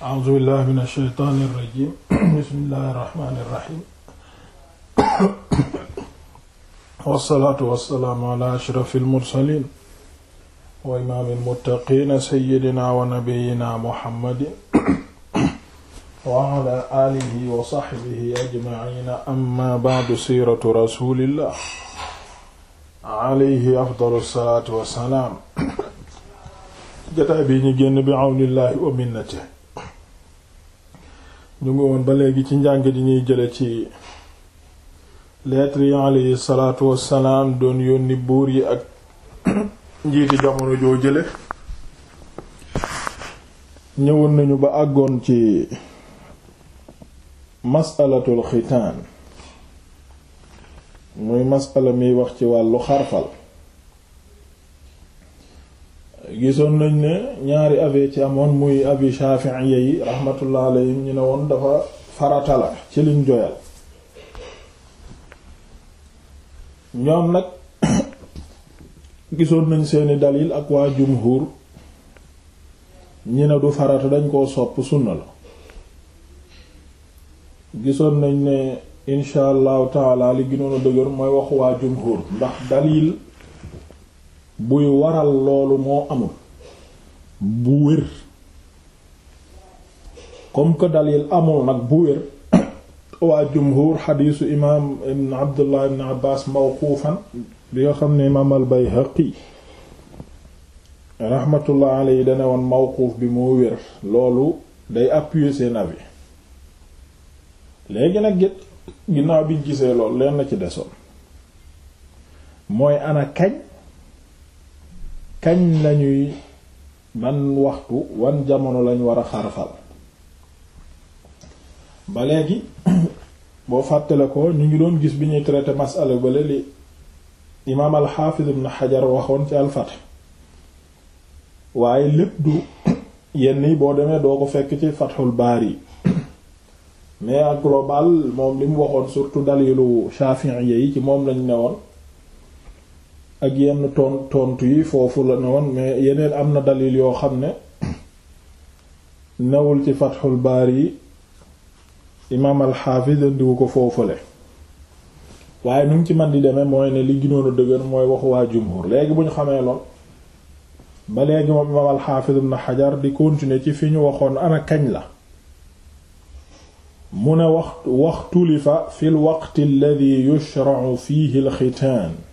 a'uuzu billahi mina shaytaani rajiim bismillahi rahmaani rahiim wassalaatu wassalaamu ala ashrafil mursaliin wa imaamil muttaqiin sayyidinaa wa nabiyyinaa muhammadin wa ala aalihi wa sahbihi ajma'iin amma ba'du siiratu rasuulillah alayhi afdalu salaatu wassalaam jataay bi ñu génn bi awnillahi wa minnatihi ñu ngi woon ba léegi ci njàng di ñuy jële ci lettre yi alayhi salaatu wassalaam doon yónni buur yi ak njiiti jamono joo jële ñëwoon nañu ba àggoon ci masalatul xitaan muy masala miy wax ci wàllu xarfal gisoon nañ ne ñaari avis ci amoon muy avis Shafi'iyya yi rahmatullah alayhim ñu ne woon dafa farata la ci liñ joyal ñoom nag gisoon nañ seeni dalil ak waa jumhur ñi ne du farata dañ koo sopp sunna la gisoon nañ ne insha allahu taala li gënoon a dëgër mooy wax waa jumhur ndax dalil buy waral loolu moo amul bu wér comme que dalil amul nag bu wér waa jumhur xadiisu imaam ibn abdullah ibn abbas mawquufan bi nga xam ne imaam al bayhaqi rahmatullah alayhi dane woon mawquuf bi moo wér loolu day appuyer seen avis léegi nag ginnaaw bi gisee loolu leen na ci desoon mooy ana kañ kañ lañuy ban waxtu wan jamono lañu war a xarafal ba léegi boo fàttale ko ñu ngi doon gis bi ñuy traité masala bale li imaam alxaafiz ibn xajar waxoon ci alfath waaye lépp du yenn yi boo demee doo ko fekk ci fathul baari mais ak global moom li mu waxoon surtout dalilu shafi'iyya yi ci moom lañu newoon ak yenn ton tontu yi foofu la ne woon mais yeneen am na dalil yoo xam ne newul ci Fathul Baari imaam al-Hafiz andiwu ko foofule waaye nu ngi ci man di demee mooy ne li gënoon a dëgër mooy waxu waa jumhur léegi bu ñu xamee lool ba léegi moom imaam al-Hafiz ibn Hajar di kontinu ci fi ñu waxoon ana kañ la mu ne wax waxtulifa fil waqti alladhi yushra'u fihi al-xitaan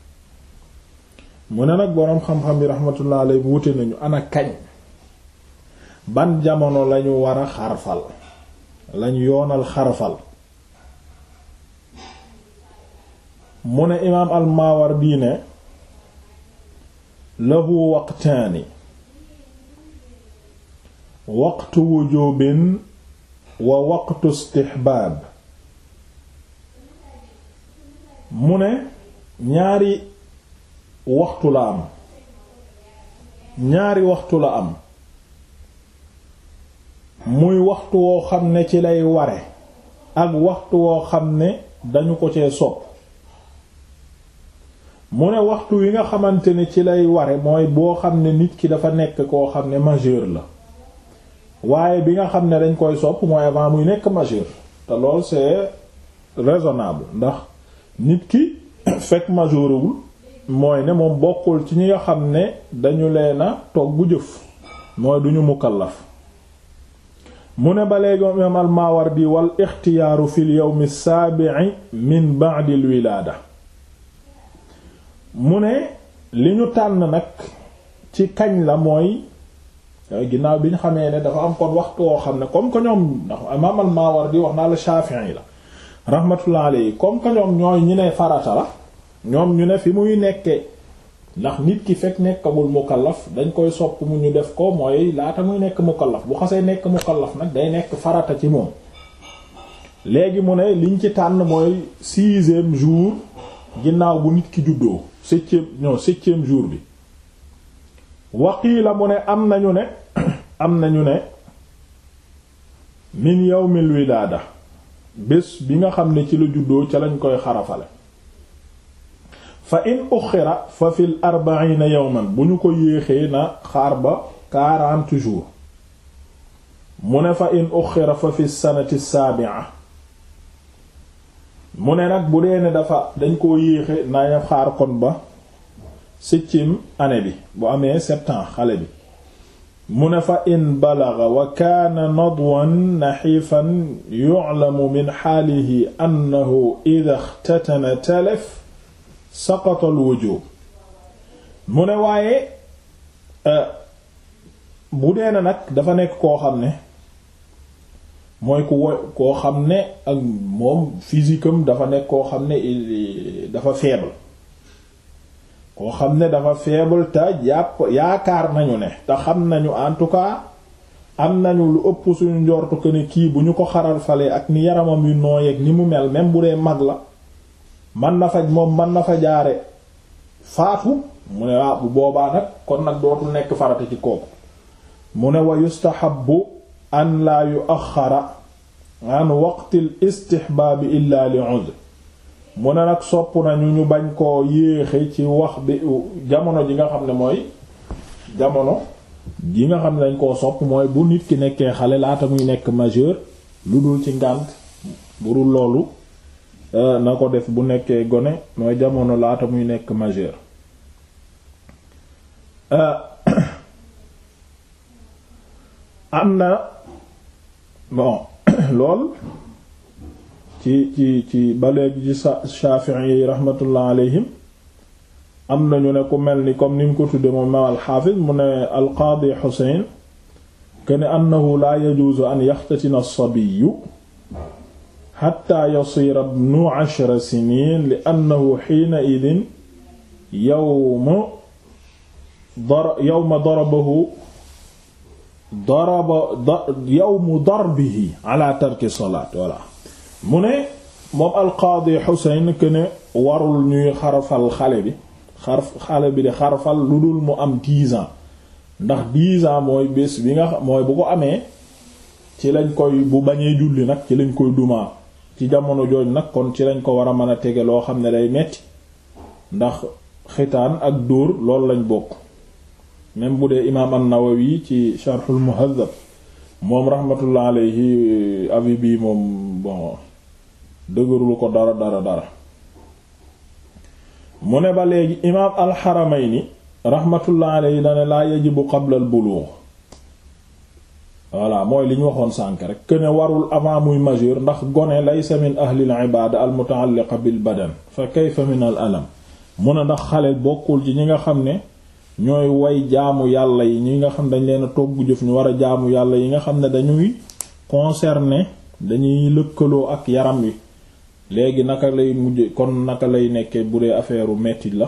mu ne nag boroom xam-xam yi rahmatullah alayhi wute nañu ana kañ ban jamono lañu war a xarfal lañu yoonal xarfal mu ne imaam al-Mawardi ne lahu waqtaani waqtu wujubin wa waqtu istihbaab mu ne ñaari waxtu la am ñaari waxtu la am muy waxtu woo xam ne ci lay ware ak waxtu woo xam ne dañu ko ci sopp mu ne waxtu wi nga xamante ne ci lay ware mooy boo xam ne nit ki dafa nekk koo xam ne majeur la waaye bi nga xam ne dañ koy sopp mooy avant muy nekk majeur te lool c'est raisonnable ndax nit ki fekk majeurul mooy ne moom bokkul ci ñi nga xam ne dañu leen a togg jëf mooy duñu mukallaf mu ne ba léegi moom imaam al-Maawardi wal ixtiyaaru fil yawmi saabi'i min ba'dil wilaada mu ne li ñu tànn nag ci kañ la mooy ginnaaw bi ñu xamee ne dafa am kon waxtu woo xam ne comme que ñoom ndax imaam al-Maawardi wax naa la Shaafi'i la rahmatullah alayhi comme que ñoom ñooy ñi ne farata la ñoom ñu ne fi muy nekkee ndax nit ki fekk nekkagul mukallaf dañ koy sopp mu ñu def ko mooy laata muy nekk mukallaf bu xasee nekk mukallaf nag day nekk farata ci moom léegi mu ne liñ ci tànn mooy sixième jour ginnaaw bu nit ki juddoo septième non septième jour bi waqiila mu ne am nañu ne am nañu ne min yawmil wilaada bés bi nga xam ne ci la juddoo ca lañ koy xarafale fa in uxira fa fil arbaina yawman bu ñu ko yéexee na xaar ba quarante jours mu ne fa in uxira fa fi sanati saabia mu ne nag bu dee ne dafa dañ koo yéexe nañu xaar kon ba septième année bi bu amee sept ans xale bi mu ne fa in balaga wa kaana nadwan naxiifan yulamu min xaalihi annahu ida xtatana talef saqata al wujub mu ne waaye euh, bu dee na nag dafa nekk koo xam ne mooy wo koo xam ne ak moom physique dafa nekk koo xam ne dafa faible koo xam ne dafa faible te jàpp yaakaar nañu ne te xam nañu en tout cas am nañu lu ëpp suñu njortu ko ne kii bu ñu ko xaral fale ak ni yaramam yu nooyeeg ni mu mel même bu dee mag la man na faj moom man na fa jaare faatu mu ne waa ah, bu boobaa nag kon nag dootul nekk farata ci kooku mu ne wa yustahabbu an laa yuaxara an waqtil istihbaabi illa li udr mu ne nag sopp nañu ñu bañ koo yéexe ci wax bi jamono ji nga xam ne mooy jamono ji nga xam ne dañ koo sopp mooy bu nit ki nekkee xale laata muy nekk majeur lu dul ci ngànt burul loolu Euh, na ko def bu nekkee gone mooy jamono laata muy nekk majeur euh, am na bon lool ci ci ci baleegi ci sa Shafi'i rahmatullah alayhim am ne ku mel ni comme ni mu ko tudde moom ma al-Hafiz mu ne al-Qadi Husayn kene annahu la yajuzu an yaxtatina as-sabiyyu xatta yasiira ibnu ashra siniin li annahu xiina idin yawma yawma darabahu daraba yawmu darbihi ala tarki mu ne warul ñuy xale bi xarf xale bi di xarfal lu dul mu am dix ndax dix ans mooy bés bi nga mooy bu ko amee ci lañ koy bu bañee julli nag ci lañ koy dumaa ci jamono jooj nag kon ci lañ ko war a mën a tege loo xam ne day metti ndax xitaan ak dóor loolu lañ bokk même bu dee imaam an-Nawawi ci sharhul muhazzab moom rahmatullah alayhi avi bi moom bon dëgërul ko dara dara dara mu ne ba léegi imaam al-Haramayni rahmatullah alayhi dane laa yajibu qabla al-bulugh voilà mooy li ñu waxoon sànk rek que ne warul avant muy majeur ndax gone lay laysa min ahlil ibaada al mutaalliqa bil badan fa kayfa min al alam mu ne ndax xale bokkul ci ñi nga xam ne ñooy way jaamu yàlla yi ñi nga xam dañ leen a togg jëf ñu war a jaamu yàlla yi nga xam ne dañuy concerné dañuy lëkkaloo ak yaram wi léegi naka lay mujj kon naka lay nekkee bu dee affaire metti la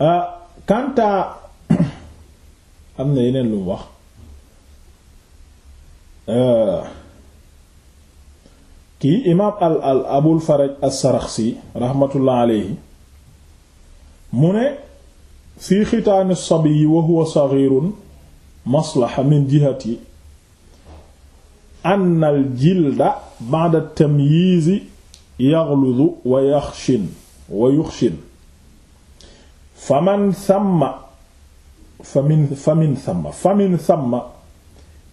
ah kanta am na yeneen lu wax Euh, kii imaam al al abul faraj as-saraxsi raxmatullah aleyhi mu ne fii xitaani sabiyi wa huwa saxiirun maslaxa min jihati anna al jilda ba'da tamyiizi yaghludu wa yaxshin wa yuxshin faman samma famin famin samma famin samma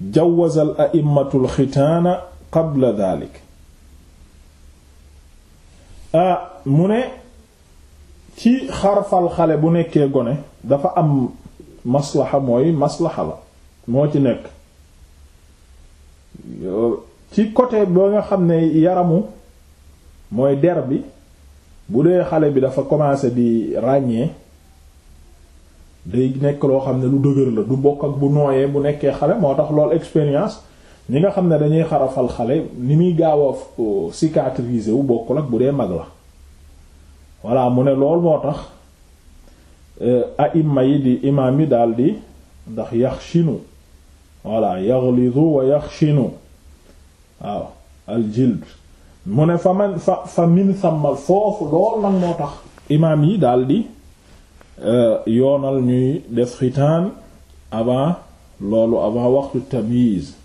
jawaza al a'immatu al xitaana qabla dhalik a mu ne ci xarfal xale bu nekkee gone dafa am maslaxa mooy maslaxa la moo ci nekk ci côté ba nga xam ne yaramu mooy der bi bu dee xale bi dafa commencé di ràññee day nekk loo xam ne lu dëgër la du bokk ak bu nooyee bu nekkee xale moo tax lool expérience ni nga xam ne dañuy xarafal xale ni muy gaaw a cicatriser wu bokkul ak bu dee mag la voilà mu ne lool moo tax euh, aïma yi di imaam yi daal di ndax yaxshinu voilà yaghlizu wa yaxshinu waaw aljild mu ne fa man fa fa min sàmmal foofu lool nag moo tax imaam yi daal di Euh, yoonal ñuy def xitaan avant loolu avant waxtu tamyiz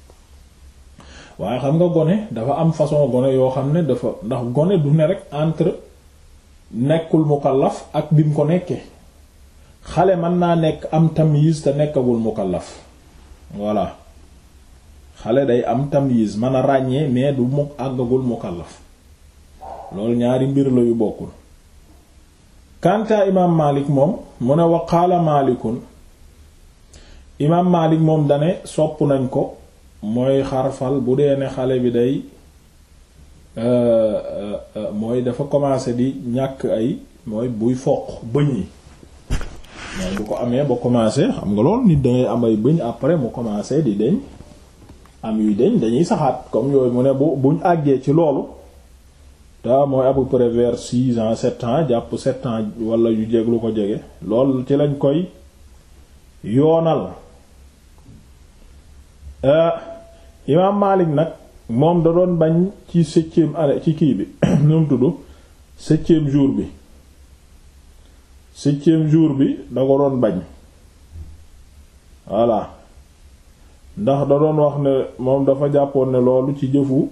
waaye xam nga gone dafa am façon gone yoo xam ne dafa ndax gone du ne rek entre nekkul mukallaf ak bi mu ko nekkee xale mën naa nekk am tamyiz te nekkagul mu mukallaf voilà xale day am tamyiz mën a ràññee mais du mu àggagul mukallaf loolu ñaari mbir la yu bokkul kanta imaam Maalik moom mu ne wa qaala Maalikun imaam Maalik moom dane sopp nañ ko mooy xarfal bu dee ne xale bi day euh, euh, euh, mooy dafa commencé di ñàkk ay mooy buy foq bëñ yi mooy bu ko amee ba commencé xam nga lool nit dangay am ay bëñ après mu commencé di deñ am yuy deñ dañuy saxaat comme yooyu mu ne bu buñ àggee ci loolu ta mooy à peu près vers six jàpp sept ans wala yu jeg lu ko jege lool ci lañ koy yoonal euh, imaam Maalik nag moom da doon bañ ci septième année ci kii bi ñoom tudd septième jour bi septième jour bi da ko doon bañ voilà ndax da doon wax ne moom dafa jàppoon ne loolu ci jëfu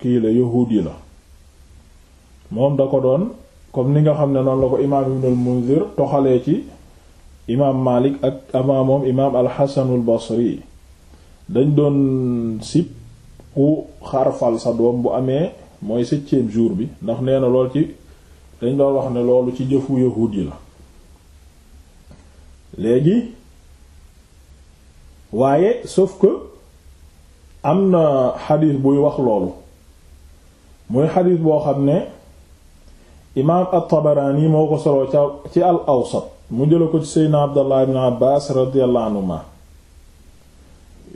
kii la yahuud yi la moom da ko doon comme ni nga xam ne noonu la ko imaam ibnul munzir toxalee ci imaam malik ak ama moom imaam alxasanul basri dañ doon sib ku xarfal sa doom bu amee mooy septième jour bi ndax nee na lool ci dañ doon wax ne loolu ci jëfu yahuud yi la léegi waaye sauf que am na xadiis buy wax loolu muy xadiis boo xam ne imaam at-Tabaraani moo ko soloo ci al-Awsat mu jëla ko ci seydna Abdallah ibn Abbaas radiyallahu anhuma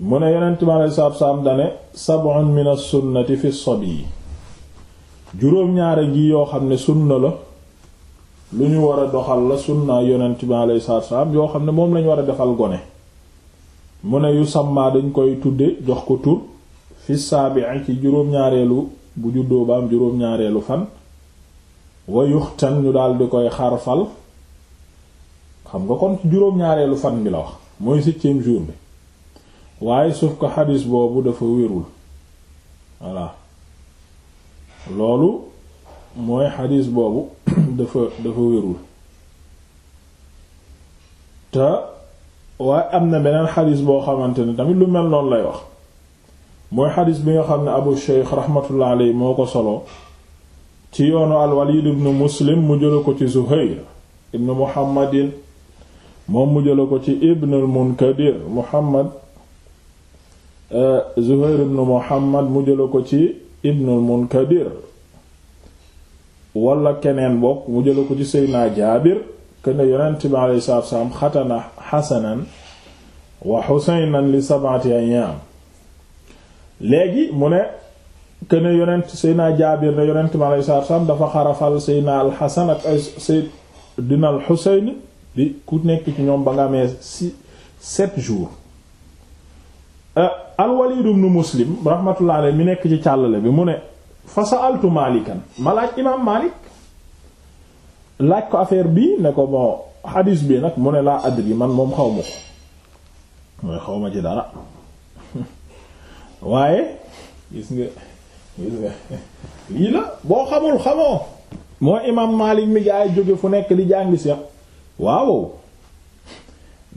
mu ne yonent mi alayhi salaatu salaam dane sab'un min sunnati fi as-sabi juróom-ñaare ngi yoo xam ne sunna la lu ñu war a doxal la sunna yonent mi alayhi salaatu salaam yoo xam ne moom lañu war a defal gone mu ne yu sàmmaa dañ koy tudde jox ko tur fi saabi ci juróom-ñaareelu bu juddoo ba juróom-ñaareelu fan wa yuxtan ñu daal di koy xarfal xam nga kon ci juróom-ñaareelu fan bi la wax mooy septième jour bi waaye suuf ko xadis boobu dafa wérul voilà loolu mooy xadis boobu dafa dafa wérul te waaye am na beneen xadis boo xamante ne tamit lu mel noonu lay wax mooy xadis bi nga xam ne Abu Shaykh rahmatullah alayhi moo ko solo ci yoonu alwalid ibn muslim mu jëla ko ci zuhayr ibn muhammadin moom mu jëla ko ci ibn al munkadir muhammad euh, zuhayr ibn muhammad mu jëla ko ci ibn al munkadir wala keneen bokk mu jëla ko ci seydna jaabir kene yonent bi alayhi salaatu wasalaam xatana xasanan wa xuseynan li sab'ati ayyaam léegi mu ne que ne yonent Seydina Jaabir ne yonent mi alayhi salaatu salaam dafa xarafal Seydina al ak ay Seydina al-Husayn di ku nekk ci ñoom ba nga amee si sept jours. Euh, al-Walid Muslim rahmatullahi alayhi mi nekk ci càllale bi mu ne fa sa'altu Maalikan ma laaj imaam Maalik laaj ko affaire bi ne ko bon hadis bi nag mu ne laa adri man moom xaw ma ko mooy xaw ma ci dara waaye gis nga. lii la boo xamul xamoo moo imam Maalik mi gaa jóge fu nekk di jàngi seex waaw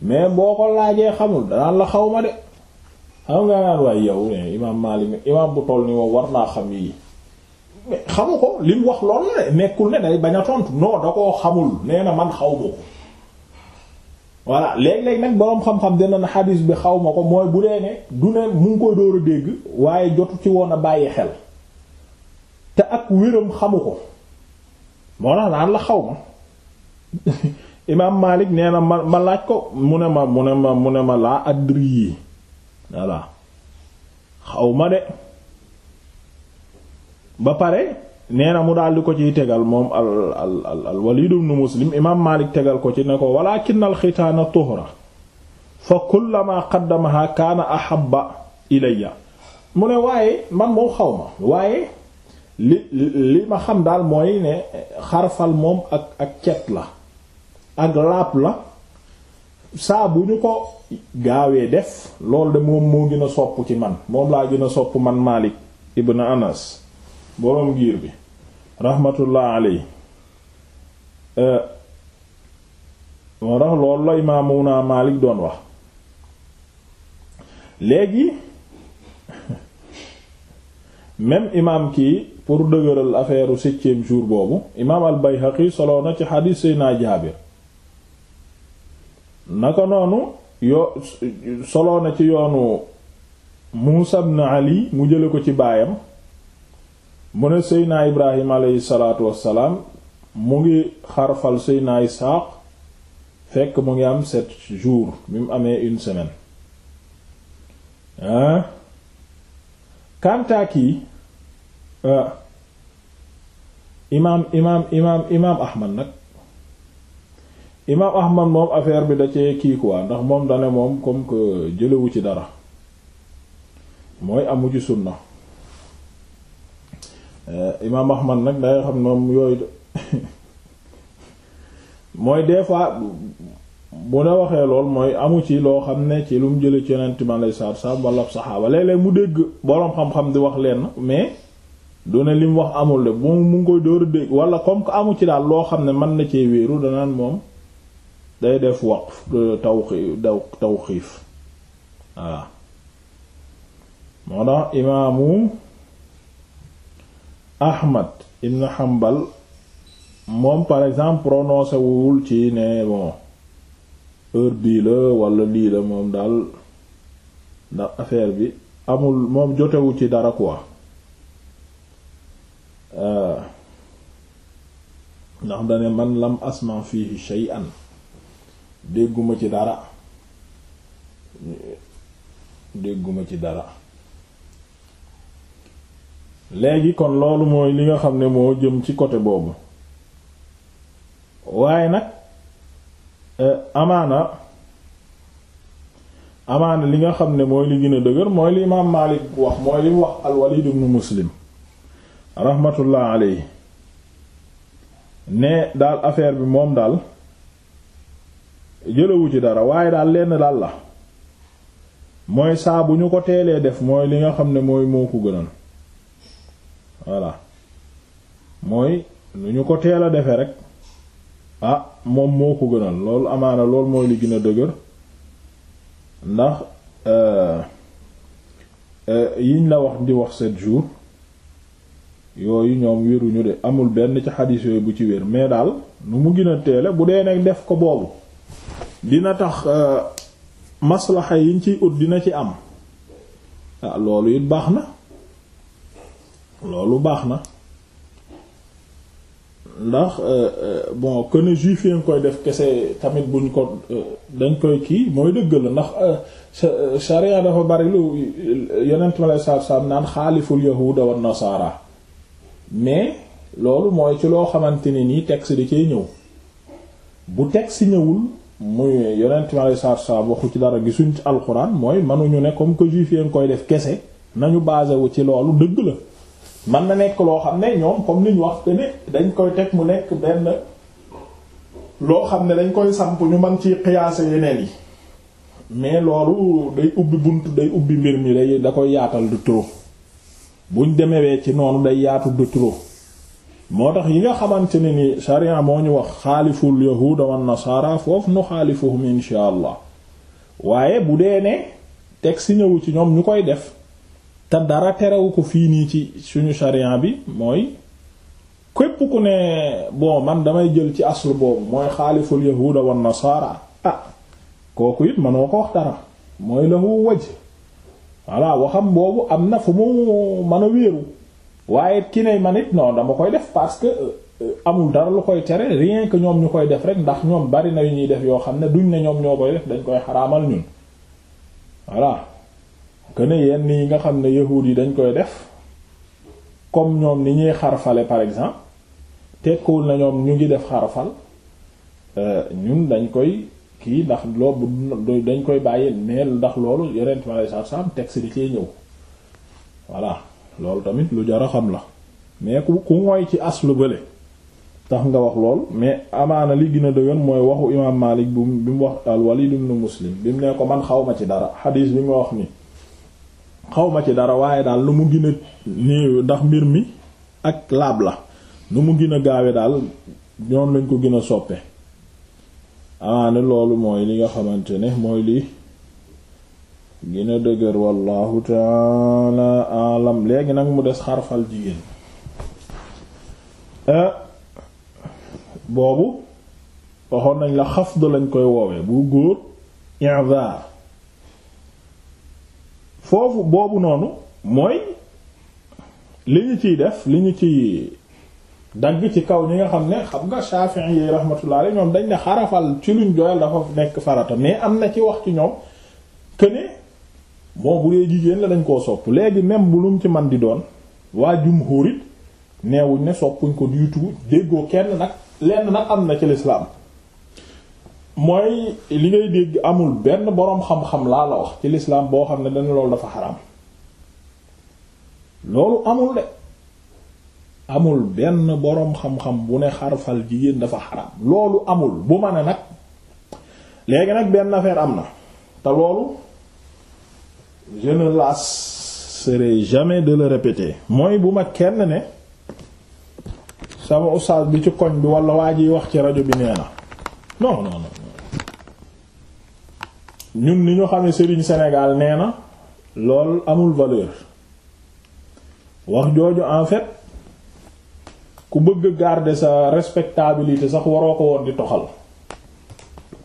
mais boo ko laajee xamul danaan la xaw ma de xam nga yow bu toll ni war naa xam yii mais xamu ko li wax loolu la de nekkul ne day bañ a tontu non da koo xamul nee man xaw ma ko voilà léeg-léeg nag boroom xam-xam dina na xadiis bi xaw ma ko mooy bu dee ne du ne mu ngi dóor a dégg waaye jotu ci woon a bàyyi xel te ak wéram xamu ko moo tax la xaw ma imaam Maalik nee ma ma laaj ko mu ne ma mu ne ma mu ne laa adri yi xaw ma de ba pare nee na mu di ko ciy tegal moom al al al al Muslim imaam Maalik tegal ko ci ne ko walaakin al xitaana tuhra fa kullamaa qaddamahaa kaana ahabba ilayya mu ne waaye man moom xaw ma waaye. li li ma xam daal mooy ne xarfal moom ak ak cet la ak laap la saa bu ñu ko gaawee def lool de moom moo gën a sopp ci man moom laa gën a sopp man Maalik ibn Anas boroom giir bi rahmatullah aley euh, moo tax loolu la imaamuna Maalik doon wax léegi même imaam kii pour dëgëral affaire septième jour boobu imaam al Bayhaqi soloo na ci xadiis Seydina Jaabir naka noonu yo soloo na ci yoonu Muusa ibn Ali mu jële ko ci baayam mu ne Seydina Ibrahim aleyhi salaatu wassalaam mu ngi xarfal Seydina Isaaq fekk mu ngi am sept jour bi mu amee une semaine kantaak yi uh, imaam imaam imaam imaam ahmad nag imaam ahmad moom affaire bi da cee kii quoi ndax moom dane moom comme que jëlewu ci dara mooy amuj ci sunna uh, imaam ahmad nag day xam yooyu mooy des fois bu ne waxee lool mooy amu ci loo xam ne ci lum mu jëlee ci yonent ma lay saar saab walla saxaaba léeg mu dégg boroom xam-xam di wax leen mais du ne li wax amul de mu mu ngi koy dóor a dégg walla comme que amu ci daal loo xam ne man na cee wéeru danaan moom day def waqf taw tawxiif waaw moo tax imaamu Ahmad ibn Hanbal moom par exemple prononcé ci ne bon. heure bii la walla lii la moom daal ndax affaire bi amul moom jotewu ci dara quoi ah. ndax dane man lam asma fihi shay'an dégguma ci dara dégguma ci dara léegi kon loolu mooy li nga xam ne moo jëm ci côté boobu waaye nag Euh, amaana amaana li nga xam ne mooy li gën dëgër mooy li imaam Maalik wax mooy li wax al Muslim rahmatullah alayhi ne daal affaire bi moom daal jëlawu ci dara waaye daal lenn daal la mooy saa bu ñu ko teelee def mooy li nga xam ne mooy moo ko gënal voilà mooy lu ñu ko teel a defe rek ah moom moo ko gënal loolu amaana loolu mooy li gën a dëgër ndax euh, euh, yiñ la wax di wax sept jour yooyu ñoom wéruñu de amul benn ci xadiis yooyu bu ci wér mais daal nu mu gën a teele bu dee nekk def ko boobu dina tax euh, maslaxa yiñ ciy ut dina ci am ah loolu it baax na loolu baax na ndax euh, euh, bon que ne juif yi nga koy def kese tamit buñ ko euh, dañ koy kii mooy dëgg la ndax sharia dafa bari lu yonent ma lay saab saab naan xaaliful yahuda wa nasaara mais loolu mooy ci loo xamante ni nii texte di cee ñëw bu texte ñëwul muy yonent ma lay saab saab waxu ci dara gisuñ ci alxuraan mooy mënuñu ne comme que juif yi nga koy def kese nañu basé wu ci loolu dëgg la man na nekk loo xam ne ñoom comme li wax que ne dañ koy teg mu nekk benn loo xam ne dañ koy samp ñu man ci xiyaase yeneen yi mais loolu day ubbi bunt day ubbi mbir mi day da koy yaatal du trop buñ demewee ci noonu day yaatu du trop moo tax yi nga xamante ne ni sharia moo ñu wax xaaliful yahuda wan nasaara foofu nu xaalifuhum insha allah waaye bu dee ne teg si ñëwu ci ñoom ñu koy def te dara terewu ko fii nii ci suñu sharia bi mooy képp ku ne bon man damay jël ci aslu boobu mooy xaaliful yahuda wan nasaara ah kooku it manoo ko wax dara mooy lahu waj voilà waxam boobu am na fu mu mën wéeru waaye ki ne man it non dama koy def parce que euh, amul dara lu koy tere rien que ñoom ñu koy def rek ndax ñoom bari na yu ñuy def yoo xam ne duñ ne ñoom ñoo koy def dañ koy xaraamal ñun voilà que ne yenn yi nga xam ne yahuud yi dañ koy def comme ñoom ni ñuy xarfale par exemple tekkuwul na ñoom ñu ngi def xarfal euh, ñun dañ koy kii ndax loolu dañ koy bàyyi mais ndax loolu yeneen ma lay saabsaab texte di cee ñëw voilà loolu tamit lu jar a xam la mais ku ku mooy ci aslu bële tax nga wax loolu mais amaana li gën a dëgër mooy waxu imaam Maalik bu bi mu wax al Walid ibn Muslim bi mu ne ko man xaw ma ci dara xadiis bi mu wax nii. xawma ci dara waaye daal lu mu gën a ndax mbir mi ak laab la lu mu gën a gaawe daal ñoom lañ ko gën a soppe amaane loolu mooy li nga xamante ne mooy lii gina a dëgër wallahu taala alam léegi nag mu des xarfal jigéen eh, boobu waxoon nañ la xafd lañ koy woowee bu góor i'zar foofu boobu noonu mooy li ñu ciy def li ñu ciy dagg ci kaw ñi nga xam ne xam nga Shafi'i yi rahmatullah alayhi ñoom dañ ne xarafal ci luñ doyal dafa nekk farata mais am na ci wax ci ñoom que ne dee jigéen la dañ koo soppu léegi même bu ci man di doon waa jumhuur it neewuñ ne soppuñ ko du tout déggoo kenn nag lenn nag am na ci lislaam mooy li ngay dégg amul benn boroom xam-xam laa la wax ci lislaam boo xam ne dana loolu dafa xaram loolu amul de amul benn boroom xam-xam bu ne xarfal jigéen dafa xaram loolu amul bu ma ne nag léegi nag benn affaire am na te loolu je ne lasserai jamais de le répéter mooy bu ma kenn ne sama oustaz bi ci koñ bi walla waa jiy wax ci rajo bi nee na non non non ñun ni ñu xamee Serigne senegal nee na lool amul valeur wax jooju en fait ku bëgg garde sa respectabilité sax waroo ko woon di toxal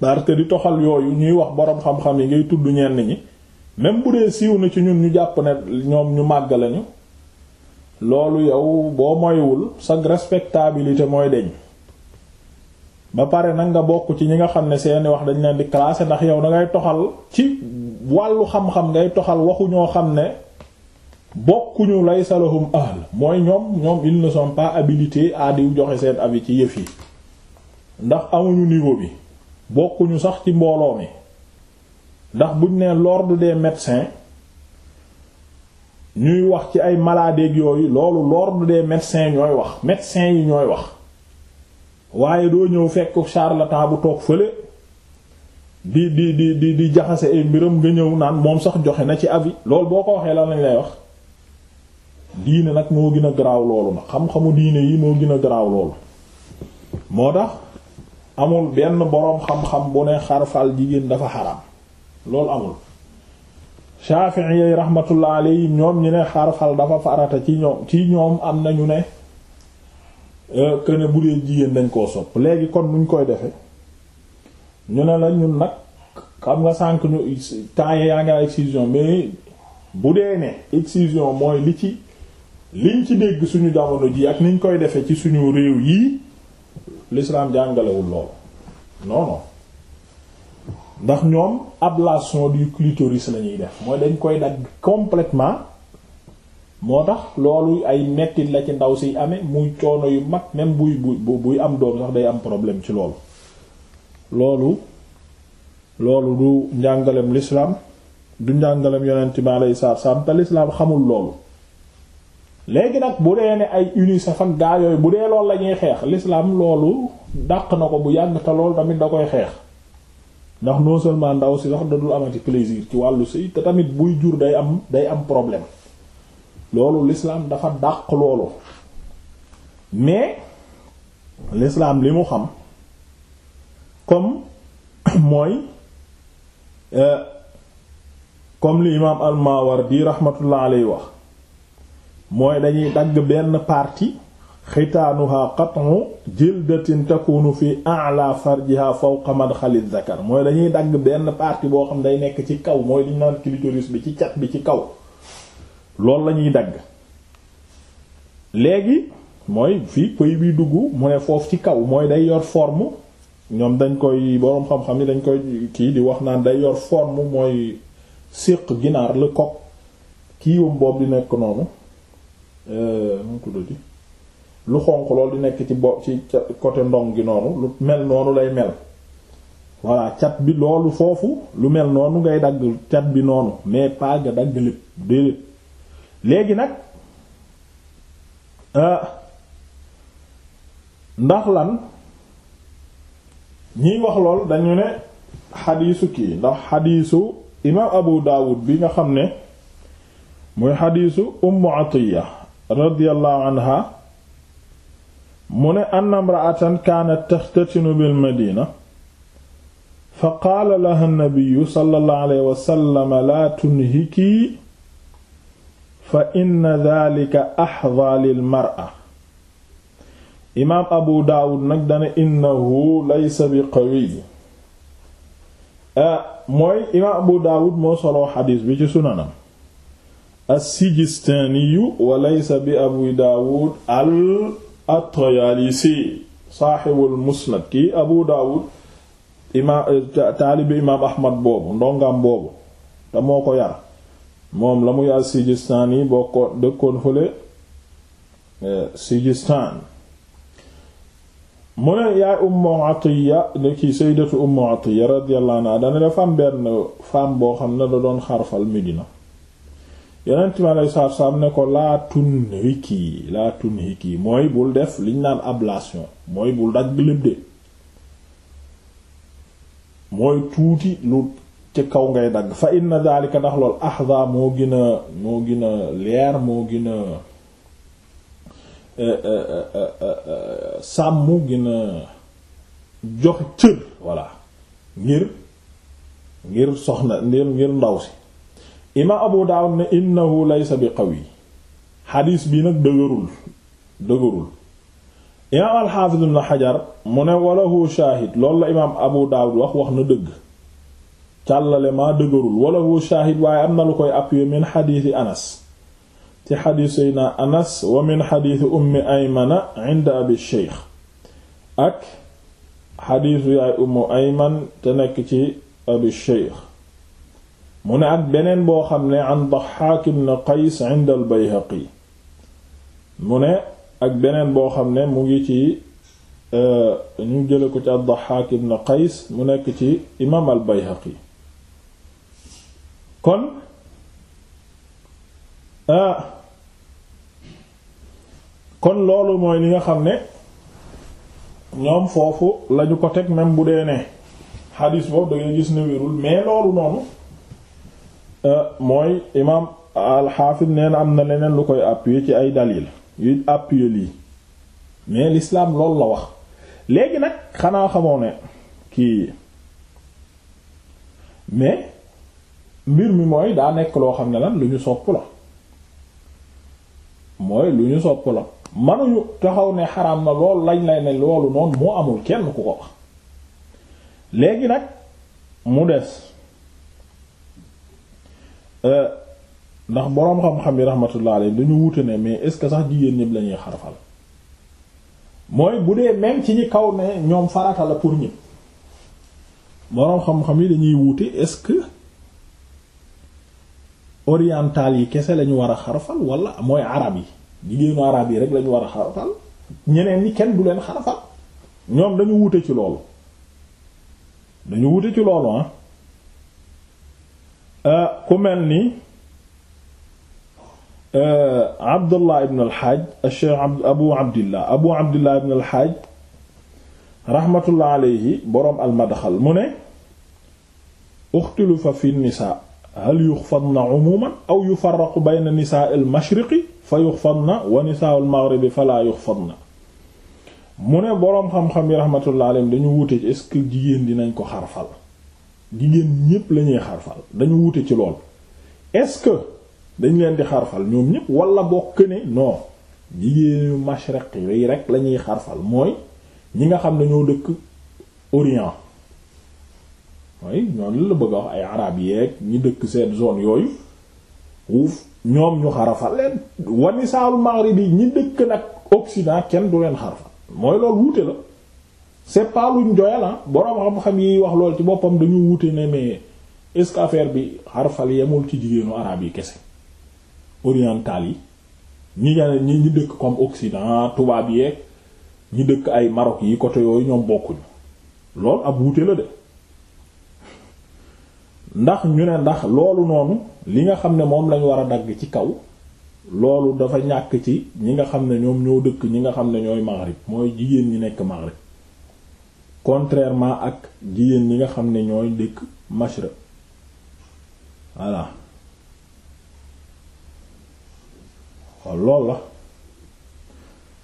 parce di toxal yooyu ñuy wax boroom xam-xam yi ngay tudd ñenn ñi même bu dee siiw na ci ñun ñu jàpp ne ñoom ñu màgg lañu loolu yow boo moywul sa respectabilité mooy deñ ba pare nag nga bokk ci ñi nga xam ne seeni wax dañ leen di classer ndax yow da ngay toxal ci wàllu xam-xam ngay toxal waxu ñoo xam ne bokkuñu lay lahum ahl mooy ñoom ñoom ils ne sont pas abilité à di joxe seen avis ci yëf yi ndax amuñu niveau bi bokkuñu sax ci mbooloo mi ndax buñ ne l'ordre des médecins ñuy wax ci ay maladies yooyu loolu l'ordre des médecins ñooy wax médecins yi ñooy wax waaye doo ñëw fekk charlatan bu toog fële di di di di jaxase ay mbiram nga ñëw naan moom sax joxe na ci abi lool boo ko waxee lan lañ lay wax diine nag moo gën a garaaw loolu nag xam-xamu diine yi moo gën a garaaw loolu moo tax amul benn boroom xam-xam bu ne xarfal jigéen dafa xaram loolu amul Shafi'i yi rahmatullah alayhi ñoom ñu ne xarfal dafa farata ci ñoom ci ñoom am na ne Euh, que bu dee jigéen dañ koo sopp léegi kon nuñ koy defe ñu ne la ñun nag xam nga sànq ñu temps yaa ngi excision mais bu dee ne excision mooy li ci liñ ci dégg suñu jamono ji ak niñ koy defe ci suñu réew yii l'islam jàngalewul lool non non ndax ñoom ablation du clitoris lañuy def mooy dañ koy dagg complètement moo tax loolu ay mettit la ci ndaw si amee muy coono yu mag même buy bu buy am doom sax day am problème ci loolu loolu loolu du njàngalem l'islam du njàngalem yonent bi alayhi salaam te l'islam xamul loolu léegi nag bu dee ne ay UNICEF ak gaa yooyu bu dee loolu la ñuy xeex lislaam loolu dàq na ko bu yàgg te loolu tamit da koy xeex ndax non seulement ndaw si sax da dul ci plaisir ci wàllu sëy te tamit buy jur day am day am problème loolu lislaam dafa dàq loolu mais lislaam li mu xam comme mooy euh, comme li imaam al bii rahmatullah alayhi wax mooy dañuy dagg benn partie xitaanuha qat'u jildatin takunu fi a'la farjiha fawqa madxali zakar mooy dañuy dagg benn partie boo xam day nekk ci kaw mooy liñ naan clitoris bi ci cat bi ci kaw loolu lañuy dagg léegi mooy fii pëy biy dugg mu ne foofu ci kaw mooy day yor forme ñoom dañ koy boroom xam-xam ni dañ koy kii di wax naan day yor forme mooy siq ginaar le coq kiiwam boobu di nekk noonu euh, nu tuddati lu xonq lool di nekk ci bo ci côté ndong gi noonu lu mel noonu lay mel voilà cat bi loolu foofu lu mel noonu ngay dagg cat bi noonu mais pas dagg lépp déedéet léegi nag euh, ndax lan ñiy wax lool dañu ne xadiisu kii ndax xadiisu imaam abu daawud bi nga xam ne muy xadiisu ummu atiya radiyallahu anha mu ne anna imra'atan kaanat taxtatinu bil madina fa qaala laha nabiyyu sallallahu alayhi wa laa tunhiki fa inna dhalika axdaa lil mara imaam abu daawud nag dana innahu laysa bi qawiy ah, mooy imaam abu daawud moo soloo xadiis bi ci sunanam as-sijistaaniyu wa laysa bi abu daawud al at-tayaalisi saaxibul musnad kii abu daawud imaam eh, taalibi imaam ahmad boobu ndongaam boobu te moo ko yar moom la muy al Sijistaan yi bokkoon dëkkoon fële e, Sijistaan mu ne yaay Ummu Atiya ne kii sayyidatu Ummu Atiya radiyallahu anha dana dafa am benn boo xam ne da doon xarfal Medina yonent mi aleyhi salaatu salaam ne ko laa tunhiki laa tunhiki mooy bul def liñ naan ablation mooy bul dagg lépp de mooy tuuti lu ci kaw ngay dagg fa inna daalika ndax lool ahda moo gën moo gën a leer moo gën a eh, eh, eh, sàmm gën a jox cër voilà ngir ngir soxna ngir ngir ndaw si imaam Abu Daawud ne innahu laysa bi qawi xadiis bi nag dëgërul dëgërul imaam al-Hafiz ibn Hajar mu ne walahu shaahid loolu la imaam Abu Daawud wax wax na dëgg càllale maa dëgërul wala hu shaahid waaye am na lu koy appuyer min xadiisi anas ci xadiis seydna anas wa min xadiisi ummi aymana abi sheikh ak xadiisu yaay ummu ayman te nekk ci abi sheikh mu ne ak beneen boo xam ne an mu ak beneen boo xam ne mu ngi ci euh, ñu jële ko ci mu nekk ci imaam kon ah kon loolu mooy li nga xam ne ñoom foofu lañu ko teg même bu dee ne xadiis boobu da gis ne wérul mais loolu noonu mooy imaam alxaafis nee na am na leneen lu koy appuyer ci ay dalil yu appuyer lii mais l'islam loolu la wax léegi nag xanaa xamoo ne kii mais mbir mi mooy daa nekk loo xam ne lan lu ñu sopp la mooy lu ñu sopp la manuñu taxaw ne xaraam na loolu lañ lay ne loolu noonu moo amul kenn ku ko wax léegi nag mu des euh, ndax boroom xam-xam yi rahmatullah alayhi dañu wute ne mais est-ce que sax jigéen ñëpp lañuy xarafal mooy bu dee même ci ñi kaw ne ñoom farata la pour ñëpp boroom xam-xam yi dañuy wute est-ce oriental yi kese lañu war a xarafal wala mooy arab yi jigéenu arab yi rek lañu war a xarafal ñeneen ñi kenn du leen xarafal ñoom dañu wute ci loolu dañu wute ci loolu ah euh, ku mel ni euh, Abdullah ibn al-Hajj Abu Abdillah Abu Abdillah ibn al-Hajj rahmatullah alayhi boroom al-Madxal mu ne uxtilafa fi nisaa hal yuxfadna umuman aw yu yufarraqu bayna nisaa al mashriqi fa yuxfadna wa nisaa al maghribi fala yuxfadna mu ne boroom xam-xam yi rahmatullah alayhim dañu wute ci est-ce jigéen dinañ ko xarfal jigéen ñépp lañuy xarfal dañu wute ci lool est-ce que dañ leen di xarfal ñoom ñépp walla bokk ne noo jigéenu mashriq yi rek lañuy xarfal mooy ñi nga xam ne ñoo dëkk Orient mooy ñooñu la bëgg a wax ay arab yeeg ñi dëkk seet zone yooyu wuuf ñoom ñu xarafal leen wani saalu maghrib yi ñi dëkk nag occident kenn du leen xarafal mooy lool wuute la c'est pas luñ joyal ah. boroom xam-xam yi wax lool ci boppam dañu wuute ne mais est-ce que affaire bi xarafal yemul ci jigéenu arab yi kese oriental yi ñi nga ñi ñi dëkk comme occident tubaab yeeg ñi dëkk ay Maroc yi côté yooyu ñoom bokkuñu loolu ab wuute la de ndax ñu ne ndax loolu noonu li nga xam ne moom lañ war a dagg ci kaw loolu dafa ñàkk ci ñi nga xam ne ñoom ñoo dëkk ñi nga xam ne ñooy maghrib mooy jigéen ñi nekk maghrib contrairement ak jigéen ñi nga xam ne ñooy dëkk mashriq voilà kon loolu la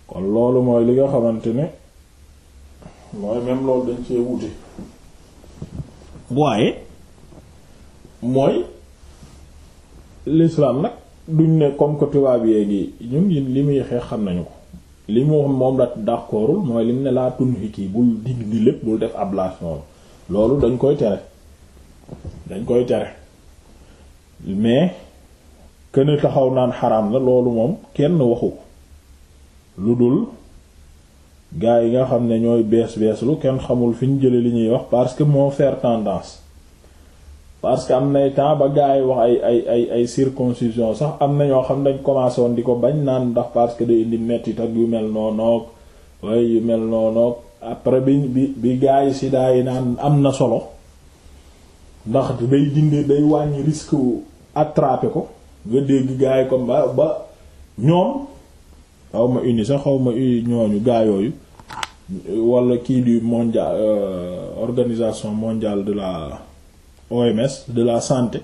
kon loolu mooy li nga xamante ne mooy même loolu dañ cee wute waaye mooy l'islam nag duñ ne comme que tubaab yéegi gi ñun li muy xeex xam nañu ko li mu moom la d'accordul mooy lim ne laa tund kii bul dig di lépp bul def ablation loolu dañ koy tere dañ koy tere mais kenn taxaw naan xaraam na loolu moom kenn waxu lu dul gaa yi nga xam ne ñooy bees beeslu kenn xamul fi ñu jële li ñuy wax parce que moo faire tendance parce que am na temps ba gars yi wax ay ay ay ay circoncision sax am na ñoo xam dañ commencé woon di ko bañ naan ndax parce que day indi mettit yu mel noonoog way yu mel noonoog après bi bi bi gars yi sida yi naan am na solo ndax day dindi day wàññi risque wu attraper ko nga dégg gars yi comme ba ba ñoom xaw ma uni sax xaw ma ñooñu gaa yooyu wala kii du mondial euh, organisation mondiale de la OMS de la santé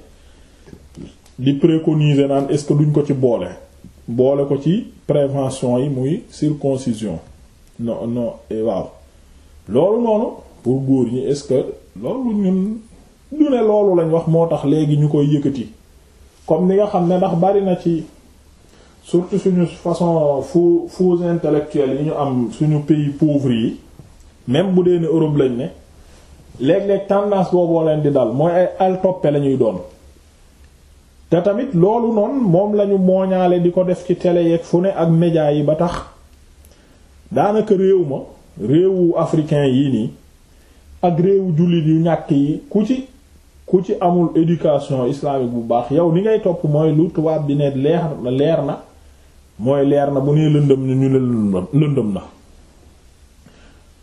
di préconiser naan est-ce duñ ko ci boole boole ko ci prévention yi muy circoncision non non eh, waaw loolu noonu pour góor ñi est-ce que loolu du ne loolu lañ wax moo tax léegi ñu koy yëkkati comme ni nga xam ne ndax bari na ci surtout suñu façon faux faux intellectuels yi ñu am suñu pays pauvres yi même bu dee ne Europe lañ ne. léeg-léeg tendance booboo leen di dal mooy ay al toppe la ñuy doon te tamit loolu noonu moom lañu mooñaale di ko def ci télé yeeg fu ne ak média yi ba tax daanaka réew ma réewu africain yii nii ak réewu jullit yu ñàkk yi ku ci ku ci amul éducation islamique bu baax yow ni ngay topp mooy lu tubaab bi ne leer leer na mooy leer na bu nee lëndëm ñu ñu lëndëm na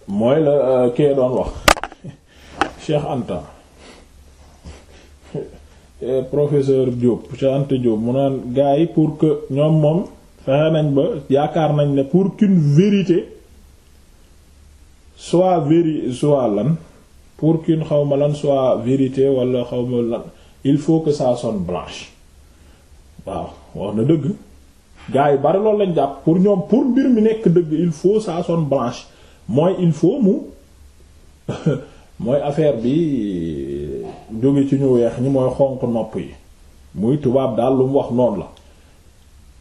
mooy la euh, kee doon wax Cheikh Anta eh, professeur Diop Cheikh Anta Diop mu naan gars yi pour que ñoom moom fexe nañ ba yaakaar nañ ne pour qu'une vérité soit véri soit lan pour qu'une xaw ma lan soit vérité wala xaw ma lan il faut que ça sonne blanche waaw wax na dëgg gars yi bari lool lañ jàpp pour ñoom pour mbir mi nekk dëgg il faut ça sonne blanche mooy il faut mu. mooy affaire bi euh, jóge ci ñu weex ñi mooy xonq nopp yi muy tubaab daal lu mu wax noonu la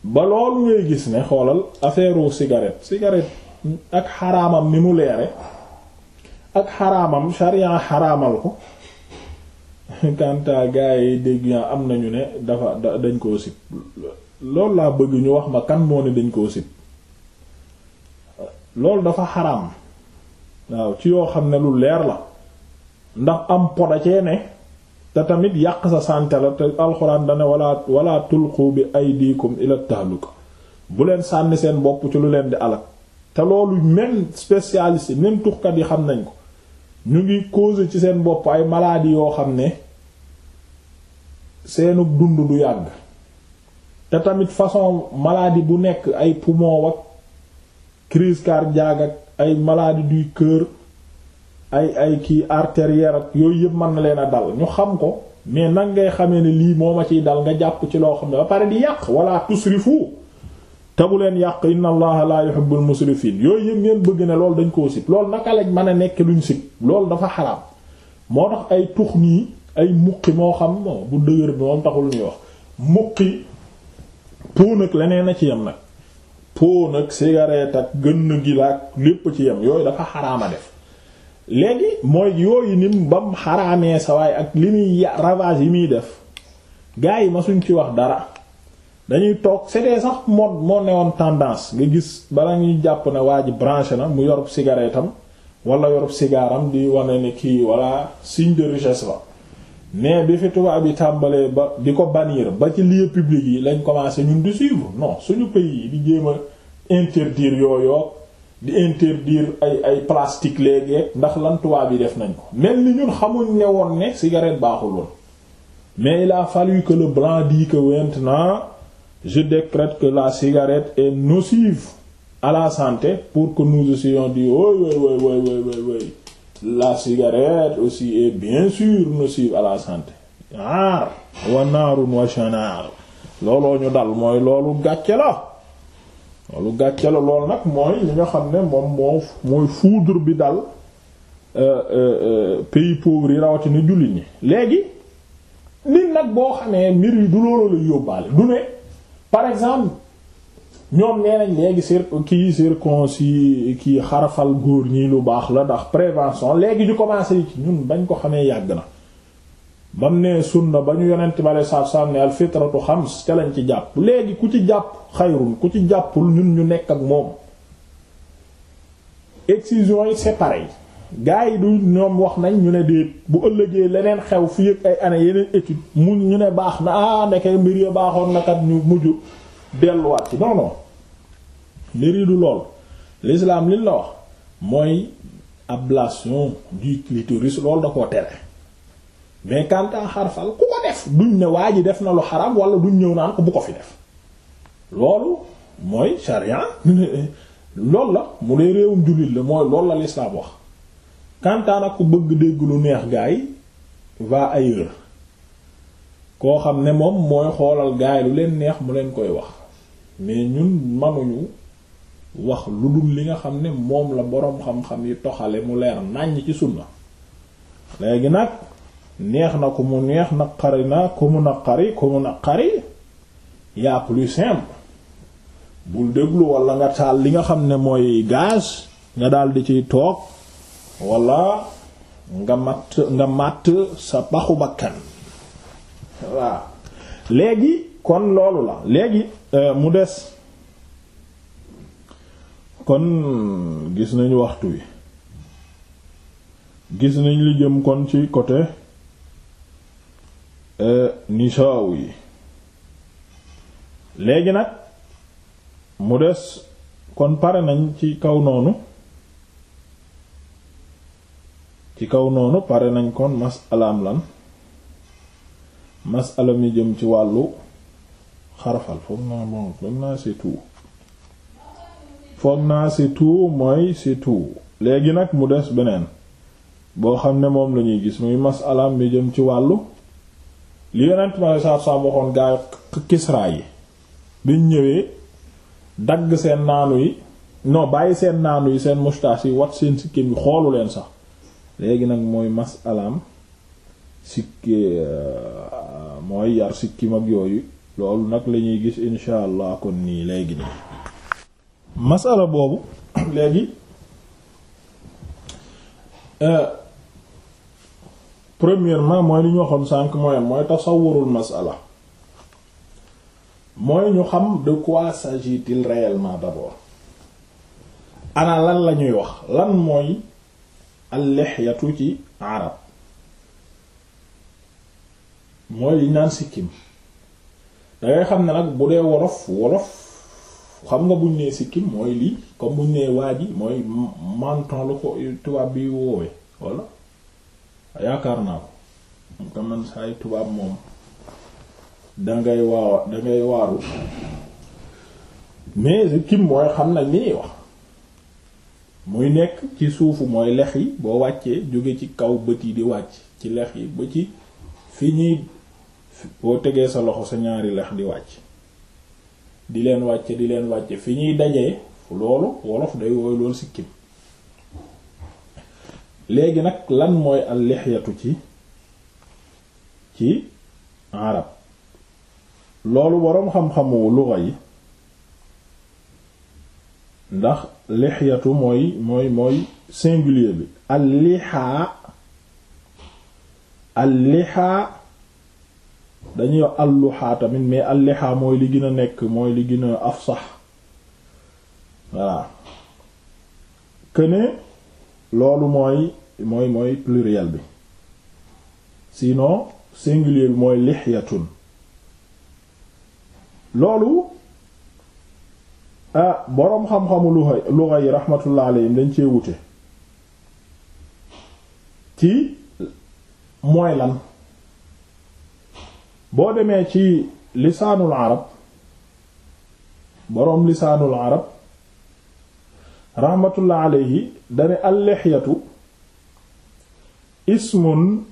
ba loolu ngay gis ne xoolal affaire u cigarette ak xaraamam ni mu leere ak xaraamam sharia xaraamal ko kanta gaa yi dégg yaa am nañu ne dafa dañ koo sib loolu laa bëgg ñu wax ma kan moo ne dañ koo sib loolu dafa xaraam waaw ci yoo xam ne lu leer la ndax am poda cee ne te tamit yàq sa santé la te alxuraan dane wala wala tulqu bi aydikum ila tahluka bu leen sànni seen bopp ci lu leen di alak te loolu même spécialiste yi tuxkat yi xam nañ ko ñu ngi cause ci seen bopp ay malaadi yoo xam ne seenu dund du yàgg te tamit façon maladie bu nekk ay poumon ak crise cardiaque ak ay maladie du kër ay ay kii artérielle ak yooyu yëpp mën na leen a dal ñu xam ko mais nan ngay xamee ne lii moo ma ciy dal nga jàpp ci loo xam ne ba pare di yàq wala tusrifu te bu leen yàq inna allaha la yuhibbul musrifin yooyu yëpp ngeen bëgg ne loolu dañ koo sib loolu naka lañ mën a nekk luñ sib loolu dafa xaraam moo tax ay tux nii ay muqi moo xam bu dëgër bi moom taxul ñuy wax muqi po nag leneen a ci yem nag po nag cigarette ak gënn gi laak lépp ci yem yooyu dafa léegi mooy yooyu nim bam xaraamee waay ak li muy ravage yi muy def gars yi ma suñ ci wax dara dañuy toog c'était sax mode moo newoon tendance nga gis bala ñuy jàpp ne waa ji branché na mu yorub cigarette am wala yorub cigaram di wane ne kii wala signe de richesse la mais bi fi tubaab yi tàmbalee ba di ko bannir ba ci lieu public yi lañ commencé ñun di suivre non suñu pays yi di jéem a interdire yooyu di interdire ay ay plastique léegi ndax lan bi def nañ ko mel ni ñun xamuñ ne woon ne cigarette baaxul woon mais il a fallu que le blanc dit que maintenant je décrète que la cigarette est nocive à la santé pour que nous ayons dit oui oui oui oui oui la cigarette aussi est bien sûr nocive à la santé aar ah, wa naarun wa shanaar looloo ñu dal mooy loolu gàcce la loolu gàcce la lool nag mooy li nga xam ne moom moo mooy foudre bi dal euh, euh, euh, pays pauvres yi rawatina jullit ñi léegi nit nag boo xamee mbir yi du loolu la yóbbaale du ne par exemple ñoom nee nañ léegi cir kii circoncis kii xarafal góor ñi lu baax la ndax prévention léegi ñu commencé ci ñun bañ ko xamee yàgg na ba mu nee sunna ba ñu yonent bi alei satu salaam ne al fitratu xams ca lañ ci jàpp léegi ku ci jàpp xayrun ku ci jàppul ñun ñu nekk ak moom excision yi c'est pareil gars yi du ñoom wax nañ ñu ne déet bu ëllëgee leneen xew fi yëg ay année yeneen étude mu ñu ne baax na ah ndeke mbir ya baaxoon nakat ñu mujj delluwaat ci non non mbir yi du lool l'islam li la wax mooy ablation du clitoris loolu da koo tere mais kantaa xarfal ku ko def duñ ne waa ji def na lu xaram wala duñ ñëw naan ko bu ko fi def loolu mooy sharia loolu la mu dee réewum jullit la mooy loolu la lislaam wax kantaa nag ku bëgg dégg lu neex gaa yi va koo xam ne moom mooy xoolal gaa lu leen neex mu leen koy wax mais ñun manuñu wax lu dul li nga xam ne moom la boroom xam-xam yi toxale mu leer nàññ ci sunna léegi nag neex na ko mu neex naqari na ko mu naqari ko mu naqari yaa plus simple bul déglu wala nga taal li nga xam ne mooy gaz nga daldi ciy toog wala nga matt nga matt sa baxu bakkan waaw léegi kon loolu la léegi euh, mu des kon gis nañu waxtu wi gis nañ li jëm kon ci côté E, nisaaw yi léegi nag mu des kon pare nañ ci kaw noonu ci kaw noonu pare nañ kon masalaam lan masala mi jëm ci wàllu xarafal foog naa bon foog naa c'est tout foog naa c'est tout mooy c'est tout léegi nag mu des beneen boo xam ne moom lañuy gis muy masalaam mi jëm ci wàllu li yonent ma saaf saaf waxoon gaa Kisra yi biñ ñëwee dagg seen naanu yi non bàyyi seen naanu yi seen moustache yi wat seen sikkim yi xoolu leen sax léegi nag mooy mas alam sikki euh, mooy yar sikkim ak yooyu loolu nag lañuy gis insha allah kon nii léegi nii masala boobu léegi. Euh, premièrement mooy li ñu waxoon sànq mooy mooy tasawurul masala mooy ñu xam de quoi s'agit-il réellement d'abord ana lan la ñuy wax lan mooy al-lihyatu ci arab mooy li naan sikkim dangay xam ne nag bu dee wolof wolof xam nga buñ nee sikkim mooy lii comme buñ nee waa ji mooy menton lu ko tubaab bi woowee walla yaakaar naa ko am ka man saay tubaab moom dangay waaw dangay waaru mais kim mooy xam nañ ni ñuy wax muy nekk ci suufu mooy lex yi boo wàccee jóge ci kaw bët yi di wàcc ci lex yi ba ci fi ñuy boo tegee sa loxo sa ñaari lex di wàcc di leen wàcce di leen wàcce fi ñuy dajee loolu wolof day wooy loolu si kim léegi nag lan mooy al ci ci arab loolu boroom xam-xamu luga yi ndax lixyatu mooy mooy mooy singulier bi al lixaa dañuy wax alluxaa tamit mais al mooy li gën a nekk mooy li gën a afsax voilà que loolu mooy mooy mooy pluriel bi sinon singulier bi mooy lixyatun loolu ah boroom xam-xamu luxa luxa yi rahmatullah alayhim dañ cee wute ci moy lan boo demee ci lisaanul arab boroom lisaanul arab rahmatullah alayhi dane al-lihyatu ismun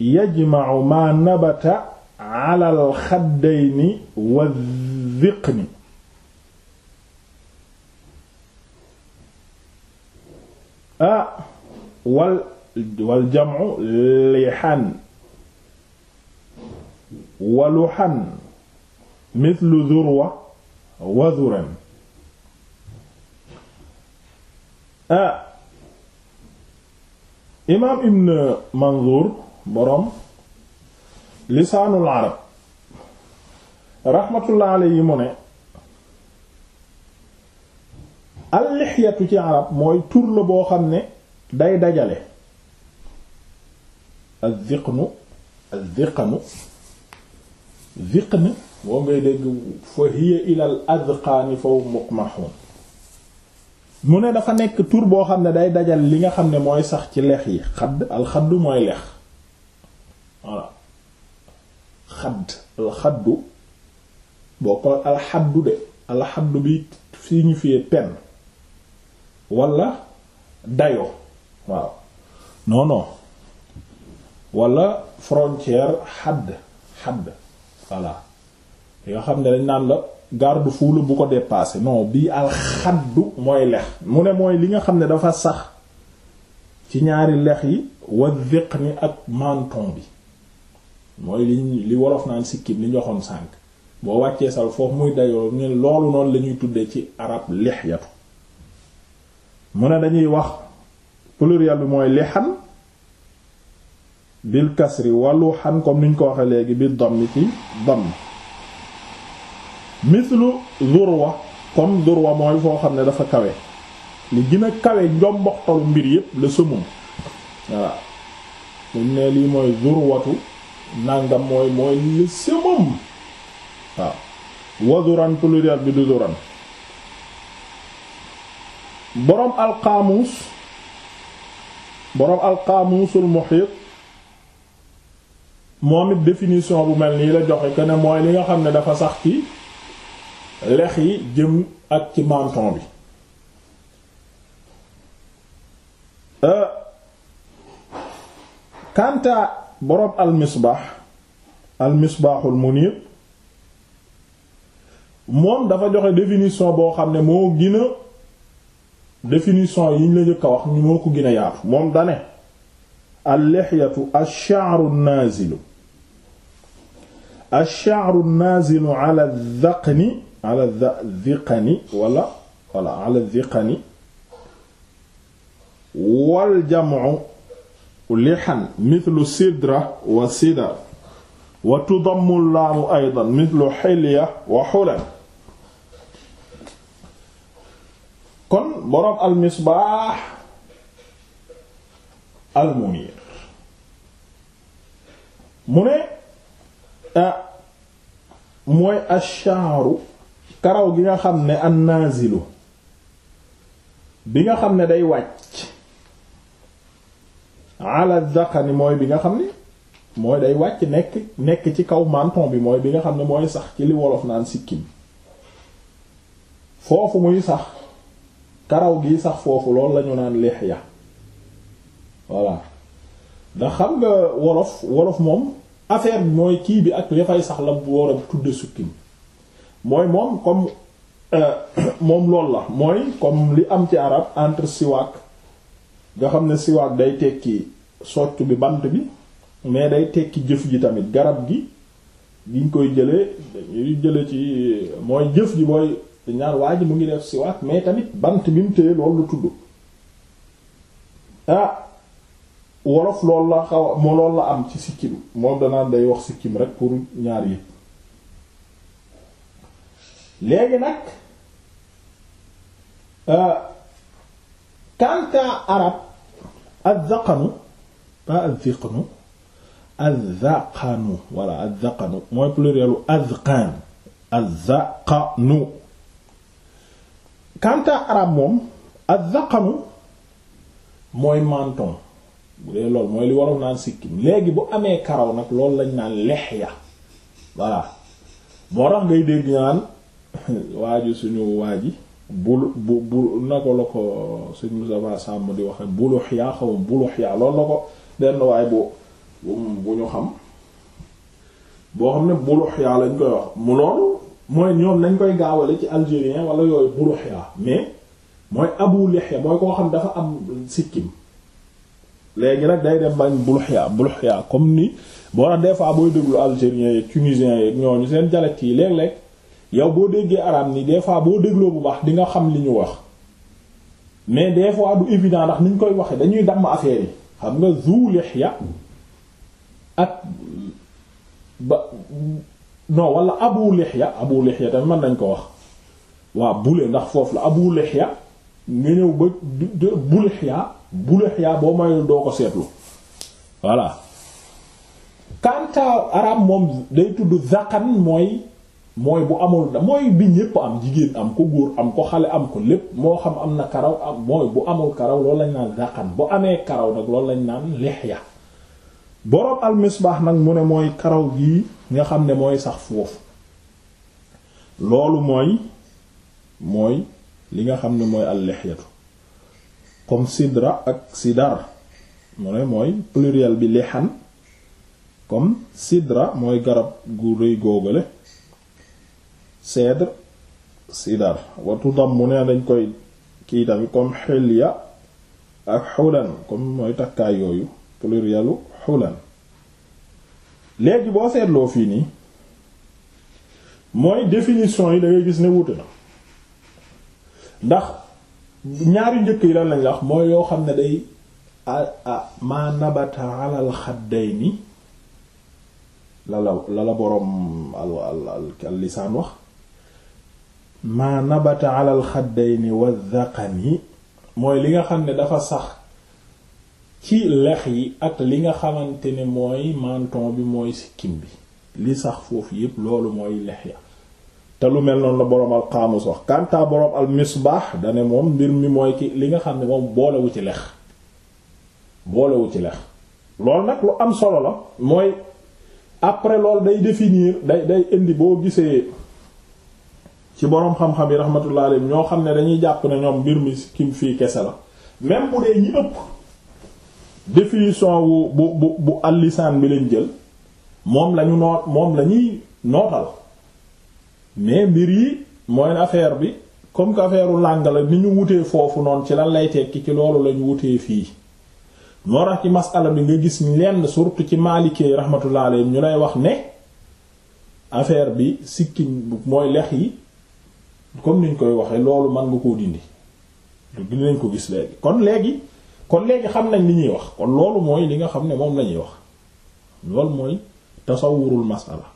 yajma'u ma nabata ala al-khaddayni wa dhiqni ah wal wal jam'u lihan wa luhan mithlu dhurwa wa dhuran ah imaam ibn Manzuur boroom lisaanul arab raxmatullah alayhi mu ne allixyatu ci arab mooy tur boo xam ne day dajale azziqnu azziqnu ziqn boo ngay dégg fa hiya ilal azqaani faw muqmahun mu ne dafa nekk tur boo xam ne day dajal li nga xam ne mooy sax ci lex yi xadd alxaddu mooy lex voilà xadd alxaddu boo ko alxaddu de alxaddu bi signifie peine wala dayo waaw non non wala frontière xadd xadd voilà yoo xam ne dañ naan la garde-fou bu ko dépassé non bii alxaddu mooy lex mu ne mooy li nga xam ne dafa sax ci ñaari lex yi wa ni ak manton bi mooy li li wolof naan sikkim li njoxoon sànk boo wàccee sal foofu muy dayoo ñu loolu noonu lañuy tuddee ci arab lixyatu mu ne dañuy wax pluriel bi mooy lixan bil kasri wàllu xan comme niñ ko waxee léegi bi dammi ci damm mithlu zurwa comme zurwa mooy foo xam ne dafa kawe li gën a kawe njomboxtalu mbir yépp la sëmum voilà muñ ne lii mooy zurwatu nàngam mooy mooy li sëmum waaw wazuran pluriel bi du zuran boroom alqaamuus boroom alqaamuusul muhiit moom it définition bu mel nii la joxe que mooy li nga xam ne dafa sax ci lex yi jëm ak ci menton bi kanta euh, boroom almisbaax almisbaaxul munir moom dafa joxe définition boo xam ne moo gën a définition yi ñu la jëkk a wax ñu moo ko gën a yaatu moom dane al-lihyatu ash-sha'ru an-nazilu ash-sha'ru an-nazilu ala adh ni ala dhiqani wala wala ala dhiqani wal jam'u lihan mithlu sidra wa sidar wa tudammu laamu aydan mithlu hilya wa hulan kon boroom al misbaax al munir mu ne eh, mooy ashaaru karaw gi nga xam ne an nazilu bi nga xam ne day wàcc ala daqani mooy bi nga xam ne mooy day wàcc nekk nekk ci kaw manton bi mooy bi nga xam ne mooy sax ci li wolof naan sikkim foofu muy sax karaw gi sax foofu loolu lañu naan ya voilà ndax xam nga wolof wolof moom affaire bi mooy kii bi ak li sax la bu war a tudde mooy moom comme euh, moom loolu la mooy comme li am ci arab entre siwaak nga xam ne siwaak day tekki soccu bi bant bi mais day tekki jëf ji tamit garab gi giñ koy jëlee dañuy jële ci mooy jëf ji mooy ñaar waa ji mu ngi def siwaak mais tamit bant bi mu téye loolu la tudd ah wolof loolu la xaw moo loolu la am ci sikkim moom danaan day wax sikkim rek pour ñaar yi léegi nag kanta euh, arab azzaqanu pas azzaqanu azzaqanu voilà azzaqanu mooy plurielu azqan azzaqanu kanta arab moom azzaqanu mooy menton bu dee loolu mooy li waroon naan sikkim léegi bu amee karaw nag loolu lañ naan lexya voilà moo tax ngay dégg naan waa ji suñu waaji bul bu bu nako la ko suñ Moustapha Sàmm di wax bulux yaa xawam bulux yaa loolu la ko benn waay bu bu ñu xam boo xam ne bulux yaa lañ koy wax mu loolu mooy ñoom nañ koy gaawale ci algérien wala yooyu bulux yaa mais mooy abu lixya mooy koo xam dafa am sikkim léegi nag day dem bañ bulux yaa bulux yaa comme ni boo tax des fois booy déglu algérien yeeg tunisien ñoo ñu seen dialecte yi léeg-léeg yow boo déggee arab ni des fois boo dégloo bu baax di nga xam li ñu wax mais des fois du évident ndax ni koy waxee dañuy damm affaire yi xam nga zu lihya ak ba non walla abu lihya abu lihya tamit mën nañ ko wax waa bule ndax foofu la abu lihya nga ñëw ba bu lihya bu lihya boo mayul doo ko seetlu voilà kanta arab moom day tudd zaqan mooy mooy bu amul da mooy bi ñépp am jigéen am ko góor am ko xale am ko lépp moo xam am na karaw am mooy bu amul karaw loolu lañ naan daqan bu amee karaw nag loolu lañ naan lihya boroom almisbaax nag mu ne mooy karaw gi nga xam ne mooy sax foofu loolu mooy mooy li nga xam ne mooy al-lihyatu comme sidra ak sidar mu ne mooy pluriel bi lihan comme sidra mooy garab gu rëy góogale cèdre sidar watu dam mu ne dañ koy kii tamit comme xilya ak xulan comme mooy takkaay yooyu pluriel u xulan léegi boo seetloo fii nii mooy définition yi da gis ne wuute na ndax ñaari njëkk yi lan lañ wax mooy yoo xam ne day ma nabata alal xaddayni la la la la boroom al al al lisaan wax maa nabata alal xaddayni wa yi mooy li nga xam ne dafa sax ci lex yi ak li nga xamante ne mooy manton bi mooy sikkim bi li sax foofu yépp loolu mooy lex ya te lu mel noonu la boroom al qaamus wax kàntaa boroom al misbaax dane moom mbir mi mooy ki li nga xam ne moom boolewu ci lex boolewu ci lex loolu nag lu am solo la mooy après loolu day définir day day indi boo gisee ci boroom xam-xam yi rahmatullah ñoo xam ne dañuy jàpp ne ñoom mbir mi kim fii kese la même bu dee ñi ëpp définition wu bu bu bu allisaan bi lañ jël moom lañu noot moom la nootal mais mbir yi mooy affaire bi comme que affaire u làng la ni ñu wutee foofu noonu ci lan lay tekki ci loolu lañu wutee fii moo tax ci masala bi nga gis lenn surtout ci maalikee rahmatullah alayhi ñu lay wax ne affaire bi sikkin mooy lex yi comme niñ koy waxee loolu mën nga koo dindi dinañ ko gis léegi kon léegi kon léegi xam nañ li ñuy wax kon loolu mooy li nga xam ne moom lañuy wax loolu mooy tasawurul masala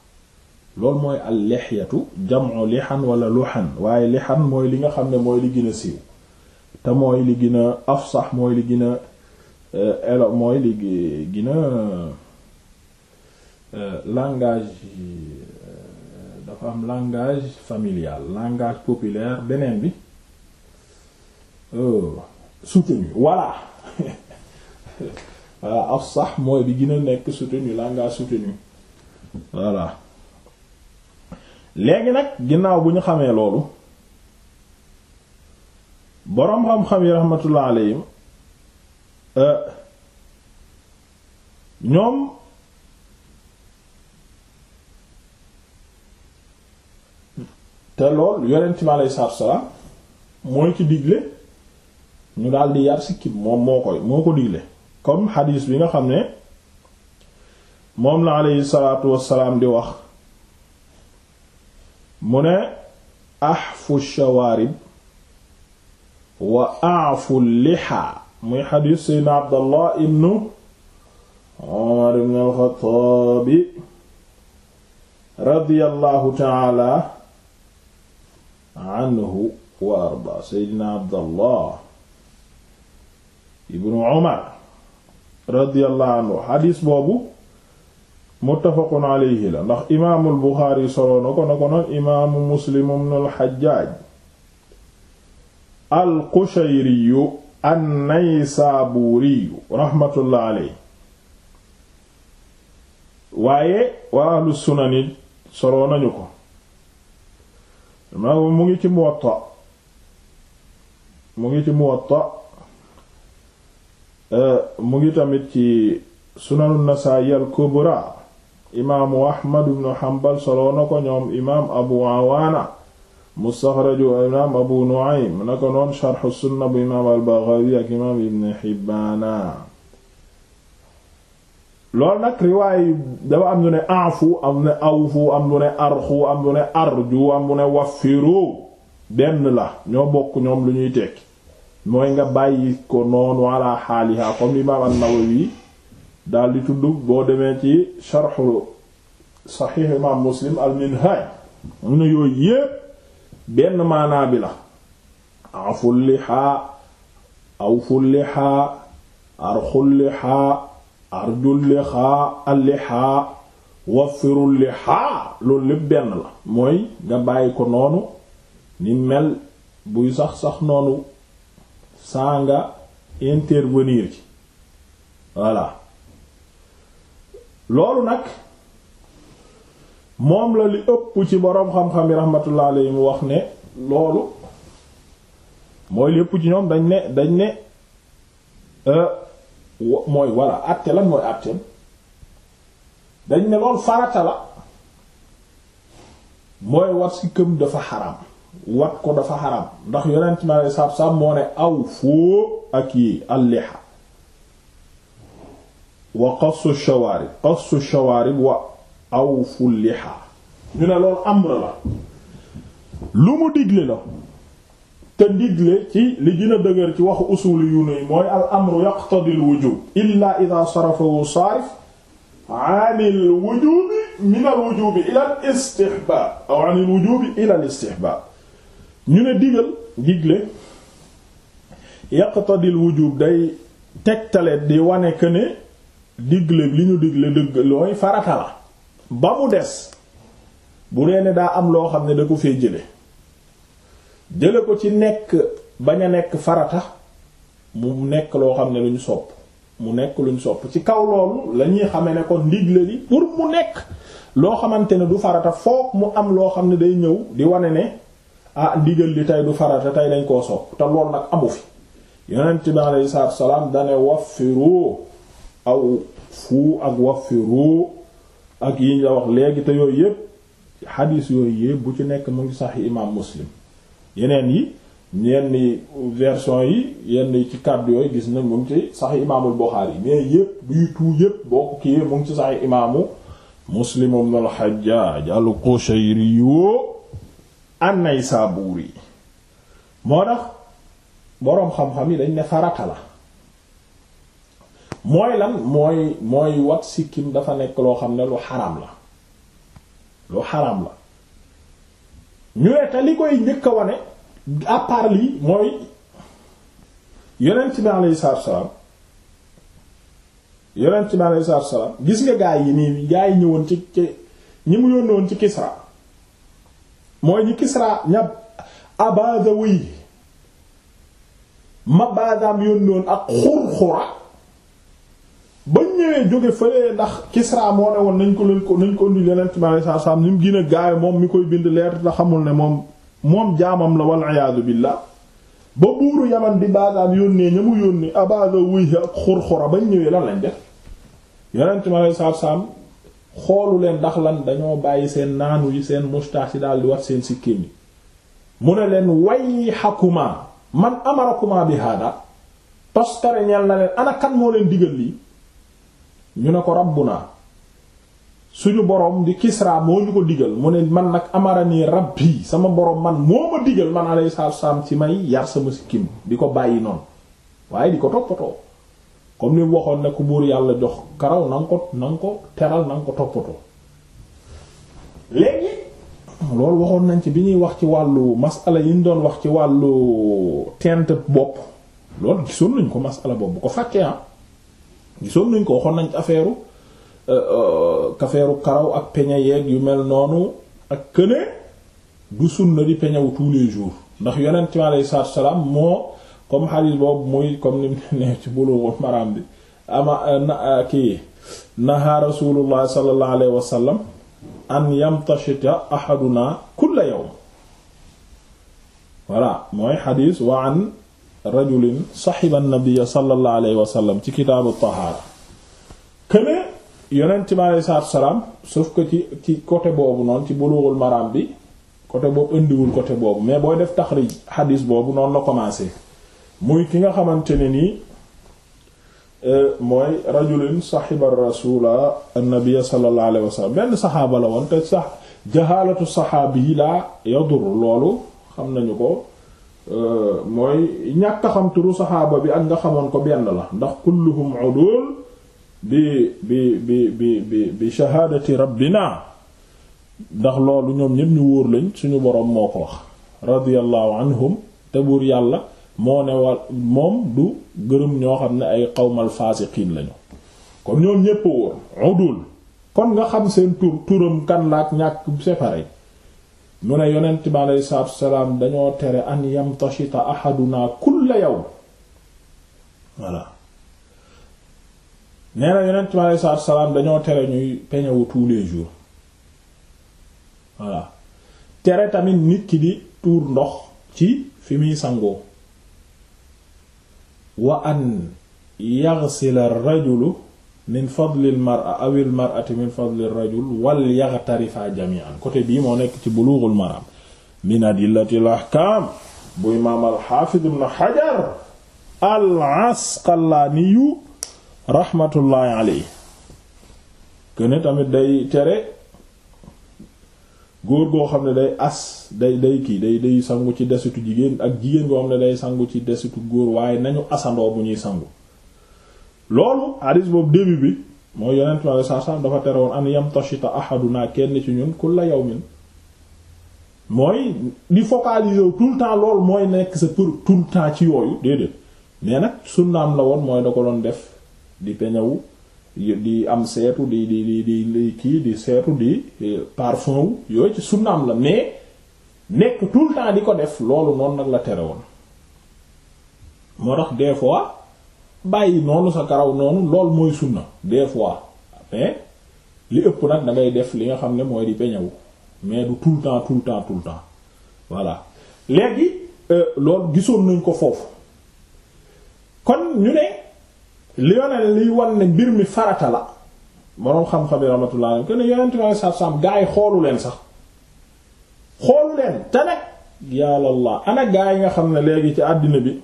loolu mooy al lixyatu jam'u lixan wala luxan waaye lixan mooy li nga xam ne mooy li gën a siiw te mooy li gën a afsax mooy li gën a elo euh, mooy li gën a euh, langage dafa am langage familial langage populaire beneen bi oh, soutenu voilà voilà af sax mooy bi gën a nekk soutenu langage soutenu voilà léegi nag ginnaaw bu ñu xamee loolu boroom xam-xam yi rahmatullah alayhim euh, ñoom te lool yonent mi aleyhi salaatu wa salaam mooy ci digle ñu daal di yar sikkim moom moo koy moo ko digle comme xadiis bi nga xam ne moom la aleyhi salaatu wa salaam di wax mu ne ahfu shawarib wa aafu liha muy xadiis seydna abdallah ibnu umar ibnu alxataabi radiyallahu taala anhu wa arda seydina abdallah ibnu umar radiyallahu anhu xadiis boobu muttafaqun alayhi la ndax imaamul buxaari soloo na ko na ko noon imaamu muslim ibnul xajjaaj al qushayriyu an naysaabuuriyu raxmatullah alayhi waaye waa ahlu sunanit soloo nañu ko maanaam mu ngi ci Muwatta mu ngi ci Muwatta euh, mu ngi tamit ci Sunanu Nasaa'i al-Kubra imaamu Ahmad ibn Hanbal soloo na ko ñoom imaam Abu Awaana mustaxraju imaam Abu Nu'aym na ko noon Sharh as-Sunna bu imaam al-Baghawi ak imaam Ibn Hibbaana lool nag riwaay dafa am ñu ne afu am ne ne arxu am ñu ne arju am ñu ne waffiru benn la ñoo bokk ñoom lu ñuy tekki mooy nga bàyyi ko noonu ala comme imaam an-Nawawi daal di tudd boo demee ci sharxu saxiix imaam Muslim al-Minhaaj mu ne yooyu yépp benn maanaa bi la aful lihaa awful lihaa arxul lihaa ardul lihaa allihaa waffirul lihaa loolu lépp benn la mooy nga bàyyi ko noonu ni mel buy sax sax noonu saa nga intervenir ci voilà loolu nag moom la li ëpp ci boroom xam-xam yi rahmatullah alayhi wax ne loolu mooy li ëpp ci ñoom dañ ne dañ ne euh, mooy voilà àtte lan mooy àtteem dañ ne lool farata la mooy wat si këm dafa xaram wat ko dafa xaram ndax yonent mi alei satu salaam moo ne aw foo ak yi alliha wa qassu shawarib qassu shawarib wa awfu liha ñu ne loolu amr la lu mu digle la te ndigle ci li jina a dëgër ci waxu usuli yu nuy mooy al amru yaqtadi wujub illa idha sarafahu saarif an wujubi min wujubi ila al ñu ne digal digle yaqtadi wujub day tegtale di wane que ne digle li ñu digle dëgg looy farata la ba mu des bu dee daa am loo xam ne da ko fee jële jële ko ci nekk bañ a nekk farata mu nekk loo xam ne lu ñu sopp mu nekk luñ sopp ci kaw loolu la ñuy xamee ne kon ndigle li pour mu nekk loo xamante ne du farata foog mu am loo xam ne day ñëw di wane ne ah ndigal li tey du farata tey dañ koo sopp te loolu nag amu fi yonent bi alayhi salaatu wa salaam dane waffiru aw fuu ak waffiru ak yi ñu la wax léegi te yooyu yépp xadiis yooyu yépp bu ci nekk mu ngi sax imam muslim yeneen yi yenn version yi yenn ci kàddu yooyu gis na mu ci sax imaamul Buxaari mais yépp duy tout yépp boo ko kiiwee mu ngi ci sax imaamu Muslim ibn al-Hajjaj al-Qushayri an-Naysaburi moo tax boroom xam-xam yi dañ ne farata la mooy lan mooy mooy wat sikkim dafa nekk loo xam ne lu xaraam la lu xaraam la ñu ne te li koy njëkk a wane à part lii mooy yonent bi alayhi salaatu salaam yonent bi alayhi gis nga gaa yi nii gaa yi ñëwoon ci ci ñi mu yónnoon ci Kisra mooy ñi Kisra ña Abadawi ma baadaam yónnoon ak xurxura ba ñëwee jóge fële ndax Kisra moo ne woon nañ ko leen ko nañ ko indi yeneen ci maanaam saa ni mu gën a gaawe moom mi koy bind leer te xamul ne moom moom jaamam la wal iyaadu billaah ba buuru yaman di baagaam yónnee ña mu yónnee abaada wuy ak xurxura bañ ñëwee la lañ def yeneen ci maanaam saa saa xoolu leen ndax lan dañoo bàyyi seen naanu yi seen moustache yi daal di wax seen sikkim yi mu ne leen way xakuma man amarakuma bi haada tos tere ñeel na leen ana kan moo ñu ne ko rabbuna suñu borom di Kisra moo ñu ko digal mu ne man nag amarani rabbi sama borom man moo ma digal man alayhi salaatu salaam ci may yar sama sikkim di ko bàyyi noonu waaye di ko toppatoo kon ni waxoon ne ko buur yàlla jox karaw na nga ko na ko teral na ko toppatoo. léegi loolu waxoon nañ ci bi ñuy wax ci wàllu masala yi ñu doon wax ci wàllu teint bopp loolu gisoon nañ ko masala boobu bu ko fàkkee ah. gisoon nañ ko waxoon nañ ci euh, euh, karaw ak peñe yeeg yu mel noonu ak këne du sunna di peñewu tous les ndax yonent mi alayhi salaatu salaam moo comme ne ci bulu maram bi ama euh, na kii naha rasulullah sallallahu alayhi wa sallam an ahaduna kulla yawm voilà mooy xadiis wa an rajulin saxiba nabiyya sallallahu alayhi wa sallam ci kitaabu tahaara këne yonent mi alayhi salaatu salaam sauf que ci ci côté boobu noonu ci bulughul maram bi côté boobu indiwul côté boobu mais booy def taxrij xadiis boobu noonu la commencé muy ki nga xamante ne nii euh, mooy rajulin saxiba rasula annabiyya sallallahu alayhi wa sallam benn saxaaba la woon te sax jahaalatu saxaabi yi laa yadur loolu xam nañu ko Euh, mooy ñàkk xam turu saxaaba bi ak nga xamoon ko benn la ndax kulluhum udul bi bi bi bi bi shahaadati rabbina ndax loolu ñoom ñépp ñu wóor lañ suñu boroom moo ko wax radiyallahu anhum te buur yàlla moo ne wa moom du gërëm ñoo xam ne ay qawmal faasiqiin lañu kon ñoom ñépp wóor udul kon nga xam seen tur turam kan laa ak ñàkk séparé mu ne yonent bi aleyhi salaatu wasalaam dañoo tere an yamtashita ahaduna kulla yawm voilà nee na yonent bi aleyhi salaatu wasalaam dañoo tere ñuy peñewu tous les jours voilà tere tamit nit ki di tuur ndox ci fi muy sangoo wa an yaghsila ar-rajulu min fadlil mar'a awil mar'ati min fadlil rajul wal yaghtarifa jami'an côté bii moo nekk ci bulughul maram min adillatil ahkam bu imaam al-hafiz hajar al-asqalaniyu rahmatullahi alayhi kuene tamit day tere góor goo xam ne day as day day kii day day sangu ci desitu jigéen ak jigéen goo xam ne day sangu ci desitu góor waaye nañu asandoo bu ñuy sangu loolu hadis boobu début bi mooy yonent bi alayhi salaam dafa tere woon an yamtashita ahaduna kenn ci ñun kulla yawmin mooy di focaliser wu le temps loolu mooy nekk sa pour tout le temps ci yooyu déedéet mais nag sunnaam la woon mooy da ko doon def di peñawu di am seetu di di di di kii di seetu di parfum wu yooyu ci sunnaam la mais nekk tout le temps di ko def loolu noonu nag la tere woon moo tax des fois bàyyi noonu sa karaw noonu lool mooy sunna des fois mais li ëpp nag da def li nga xam ne mooy di peñawu mais du tout le temps tout le temps tout voilà léegi euh, loolu gisoon nañ ko foofu kon ñu ne li yoneen liy wan ne mbir mi farata la boroom xam-xam yi rahmatullah que ne yonent ma sa sam gaa yi xoolu leen sax xoolu leen te nag yàlla ana gaa yi nga xam ne léegi ci àddina bi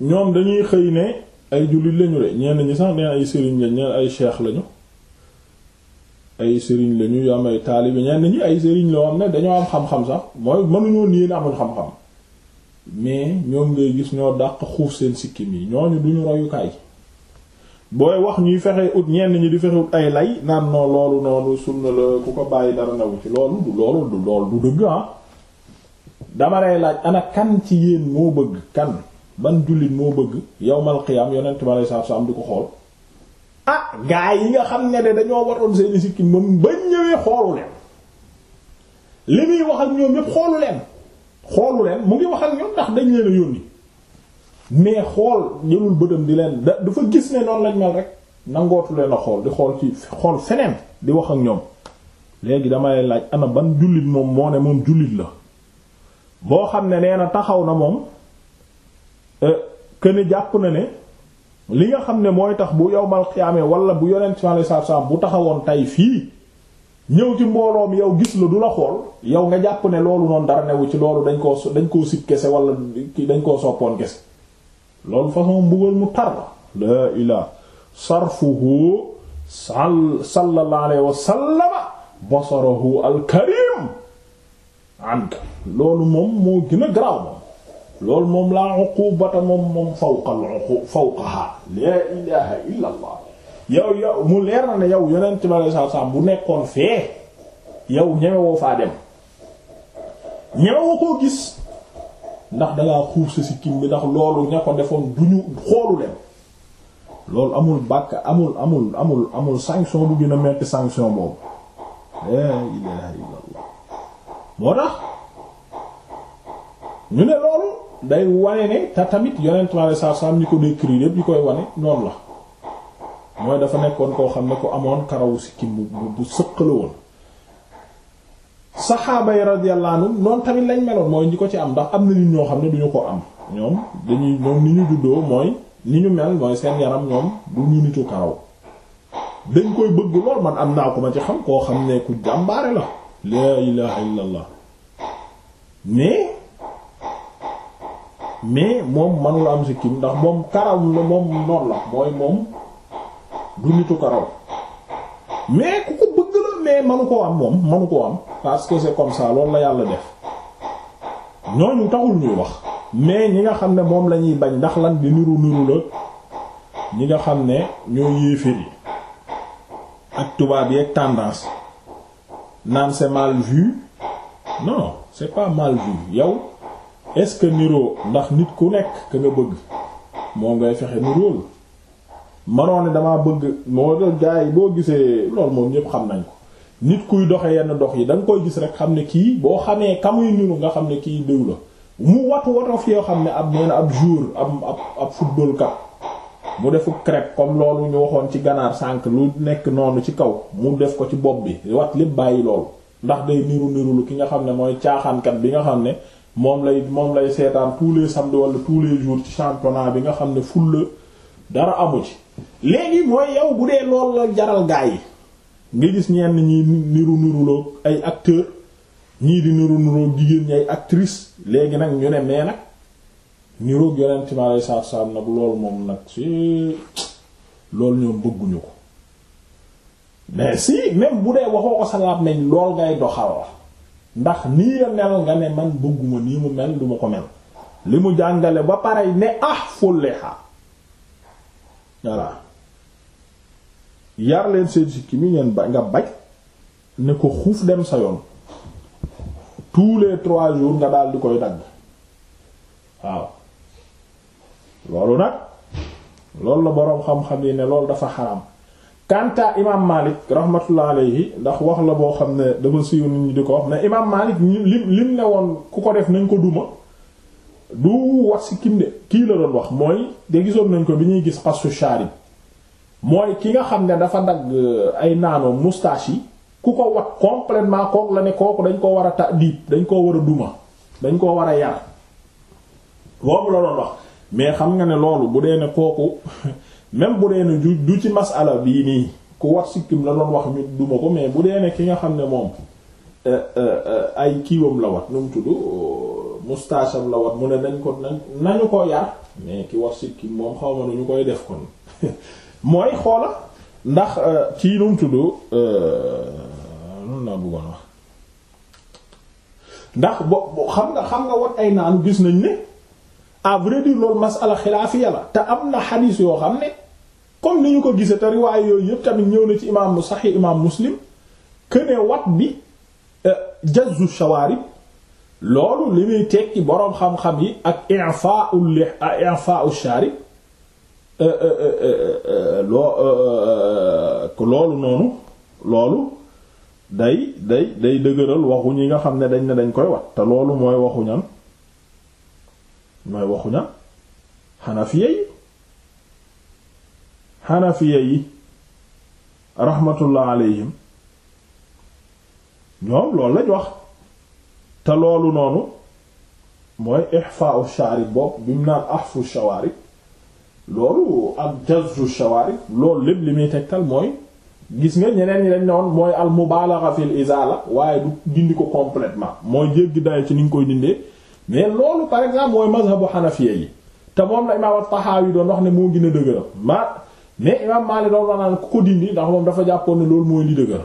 ñoom dañuy xëy ne ay jullit lañu de ñenn ñi sax nee ay sëriñ lañ ay cheikh lañu ay sëriñ lañu yu am ay taalibe ñenn ñi ay sëriñ loo xam ne dañoo am xam-xam sax mooy mënuñoo nii amul xam-xam mais ñoom ngay gis ñoo dàq xuuf seen sikkim yi ñooñu duñu royukaay booy wax ñuy fexe ut ñenn ñi di fexe ut ay lay naan non loolu noonu sunna la ku ko bàyyi dara newu ci loolu du loolu du loolu du dëgg ah dama lay laaj ana kan ci yéen moo bëgg kan ban jullit moo bëgg yawmal qiyaam yonent bi alayhi salaatu salaam du ko xool ah gaa yi nga xam ne de dañoo waroon seeni sikki moom ba ñëwee xoolu leen li muy wax ak ñoom yépp xoolu leen xoolu leen mu ngi wax ak ñoom ndax dañ leen a yónni mais xool jëlul bëtam di leen da dafa gis ne noonu lañ mel rek nangootu leen a xool di xool ci xool feneen di wax ak ñoom léegi damay laaj ana ban jullit moom moo ne moom jullit la boo xam ne nee na taxaw na moom këne euh, jàpp na ne li nga xam ne mooy tax bu yowmal xiyaamee wala bu yonent sallallahu alayhi wasallam bu taxawoon tay fii ñëw ci mbooloom yow gis la du la xool yow nga jàpp ne loolu noonu dara newu ci loolu dañ koo dañ koo sib kese wala dañ koo soppoon kese loolu façon mbugal mu tar la laa ilaa sarfuhu sallallahu alayhi wasallam basarahu al karim anka loolu moom moo gën a garaaw moom loolu moom laa uqubata moom moom fawqal uqu fawqaha laa ilaha illa allah mu leer na ne yow yonent bi alei satu bu nekkoon fee yow ñemewoo faa dem ñemewoo koo gis ndax dangaa xuuf sa sikkim bi ndax loolu ña ko defoon duñu xoolu leen loolu amul bàkk amul amul amul amul sanction bu gën a metti sanction boobu laa ilaha illa moo tax ñu ne loolu day wane ne te tamit yonent mi alayhi salaatu salaam ñi ko décrire yëpp ñi koy wane noonu la mooy dafa nekkoon koo xam ne ku amoon karawu sikkim bu bu sëq la woon saxaaba yi tamit lañ meloon mooy ñi ko ci am ndax am na nit ñoo xam ne duñu ko am ñoom dañuy ñoom ni ñu juddoo mooy ni ñu mel mooy seen yaram ñoom du ñu nitu karaw dañ koy bëgg lool man am naa ko ma ci xam koo xam ne ku jàmbaare la laa ilaha illallah mais mais moom manula am sikkim ndax moom karaw la moom noonu la mooy moom du nitu karaw mais ku ko bëgg la mais manu koo am moom manu koo am parce que c'est comme ça loolu la yàlla def ñooñu taxul ñuy wax mais ñi nga xam ne moom la ñuy bañ ndax lan bi niru niru la ñi nga xam ne ñoo yéeféer yi ak tubaab yi ak tendance naan c'est mal vu non c'est pas mal vu yow est-ce niroo ndax nit ku nekk ka nga bëgg moo ngay fexe nirool manoon ne damaa bëgg moo gaa yi boo gisee loolu moom ñépp xam nañ ko nit kuy doxe yenn dox yi da nga koy gis rek xam ne kii boo xamee kamuy niru nga xam ne kii diw la mu yoo xam ne ab neen jour ab ab ab mu defu crêpe comme loolu ñu waxoon ci ganaar sànq lu nekk noonu ci kaw mu def ko ci bopp bi wat lépp bàyyi loolu ndax day niru niru lu ki nga xam ne mooy caaxaankat bi nga xam ne moom lay moom lay seetaan tous les samedis wala tous les jours championnat bi nga xam ne fulla dara amu ci léegi mooy yow bu dee lool la jaral gaa yi nga gis ñenn ñi niru niruloo ay acteur ñii di niru niroo jigéen ñi ay actrice léegi nag ñu ne mais nag niroog yonent mi alei saatu nag lool moom nag si lool ñoom bëgguñu ko mais si même bu dee waxoo ko salaat nañ lool ngay doxal la ndax nii la mel nga ne man bëgguma nii mu mel du ma ko mel li mu jàngale ba pare ne ah fulleha voilà yar leen seen sikki mi ngeen ba nga baj ne ko xuuf dem sa yoon tous les trois jours nga daal di koy dagg waaw loolu nag loolu la boroom xam-xam yi ne loolu dafa xaram kanta imam Malik rahmatullah alayhi ndax wax la boo xam ne dafa siiw nit ñi di ko wax ne imam Malik lim lim ne woon ku ko def nañ ko duma du wax si kim kii la doon wax mooy de nañ ko bi ñuy gis xasu sharib mooy ki nga xam ne dafa dagg euh, ay naanoo moustache ku ko wax complètement kook la ne kooku dañ koo war a ta'dib dañ koo war a duma dañ koo war a yar boobu la doon wax mais xam nga ne loolu bu dee ne kooku même bu dee ne du du ci masala bii nii ku wat sikkim la doon wax ñu duma ko mais bu dee ne ki nga xam ne moom euh, euh, ay kiiwam la wat nu mu tudd mustaasam la wat mu ne nañ ko nañu ko yar mais ki wat sikkim moom xaw ma nu ñu koy def kon mooy xoola ndax euh, kii nu tuddu tudd noonu laa bëggoon wax ndax bo xam nga xam nga wat ay naan gis nañ ni à vrai dire loolu masala xilaafiya la te am na xadiis yoo xam ne comme ni ñu ko gisee te riwaay yooyu yëpp tamit ñëw na ci imaam Sahih imaam Muslim que ne wat bi euh, jazzu shawarib loolu li muy tekki boroom xam-xam yi ak i'fa'u li i'fa'u sharib euh, euh, loo loolu noonu loolu day day day dëgëral waxu ñi nga xam ne dañ ne dañ koy wat te loolu mooy waxu ñan mooy waxu ña xanafiya yi xanafiya yi raxmatullah alayhim ñoom loolu lañ wax te loolu noonu mooy ixfaau shaarib boobu bi mu naan axfu shawaarib loolu ak jazzu shawaarib loolu lépp li muy tegtal mooy gis nga ñeneen ñi dañ ne mooy al mubaalaxa fil izaala waaye du dindi ko complètement mooy jéggi dayo ci ni nga koy dindee mais loolu par exemple mooy mazhabu xanafiya yi te moom la imaam at-Tahawi doon wax ne moo gën a dëgëral ma mais imaam Maalik doon wax ndax moom dafa jàppoon ne loolu mooy li dëgër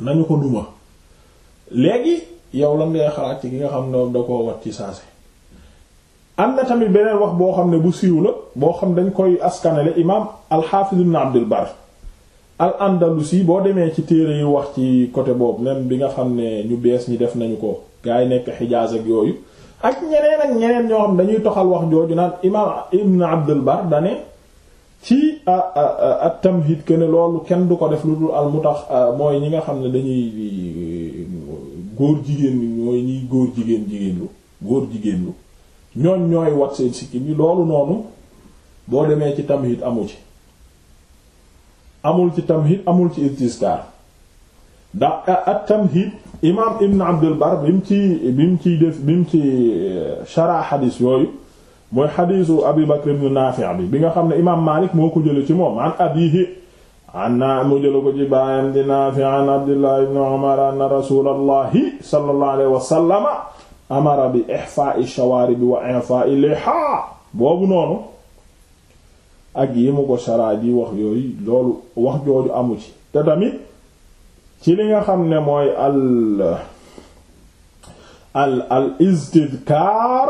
nañu ko léegi yow lan ngay xalaat ci ki nga xam ne moom koo wat ci saase am na tamit beneen wax boo xam ne bu siiw la boo xam dañ koy askanale imaam al-Hafiz ibn Abdul Barr al andalusi boo demee ci téere yu wax ci côté boobu même bi nga xam ne ñu bees ñi def nañu ko gaa yi nekk xijaas ak yooyu ak ñeneen ak ñeneen ñoo xam dañuy toxal wax jooju naan imaam ibn abdul bar dane ci at tamhid que ne loolu kenn du ko def lu dul al mu tax mooy ñi nga xam ne dañuy góor jigéen góor jigéen jigéen lu góor jigéen lu ñooñ ñooy wat seen sikki bi loolu noonu boo demee ci tamhid amu ci amul ci tamhid amul ci istizkar ndax at-Tamhiid imaam Ibn Abdul bi mu ci bi mu ciy def bi ci eh, shara xadiis yooyu mooy xadiisu Abi ibn Naafi' bi bi nga xam ne imaam Maalik moo ko jële ci moom an abiihi an na mu ko ci baayam di an Abdullah ibn Umar anna Rasuulallahi sallallahu alayhi wa sallam amara bi ihfaa'i boobu noonu ak yi mu ko shara ji wax yooyu loolu wax jooju amu ci te ci li nga xam ne mooy al al al istidkaar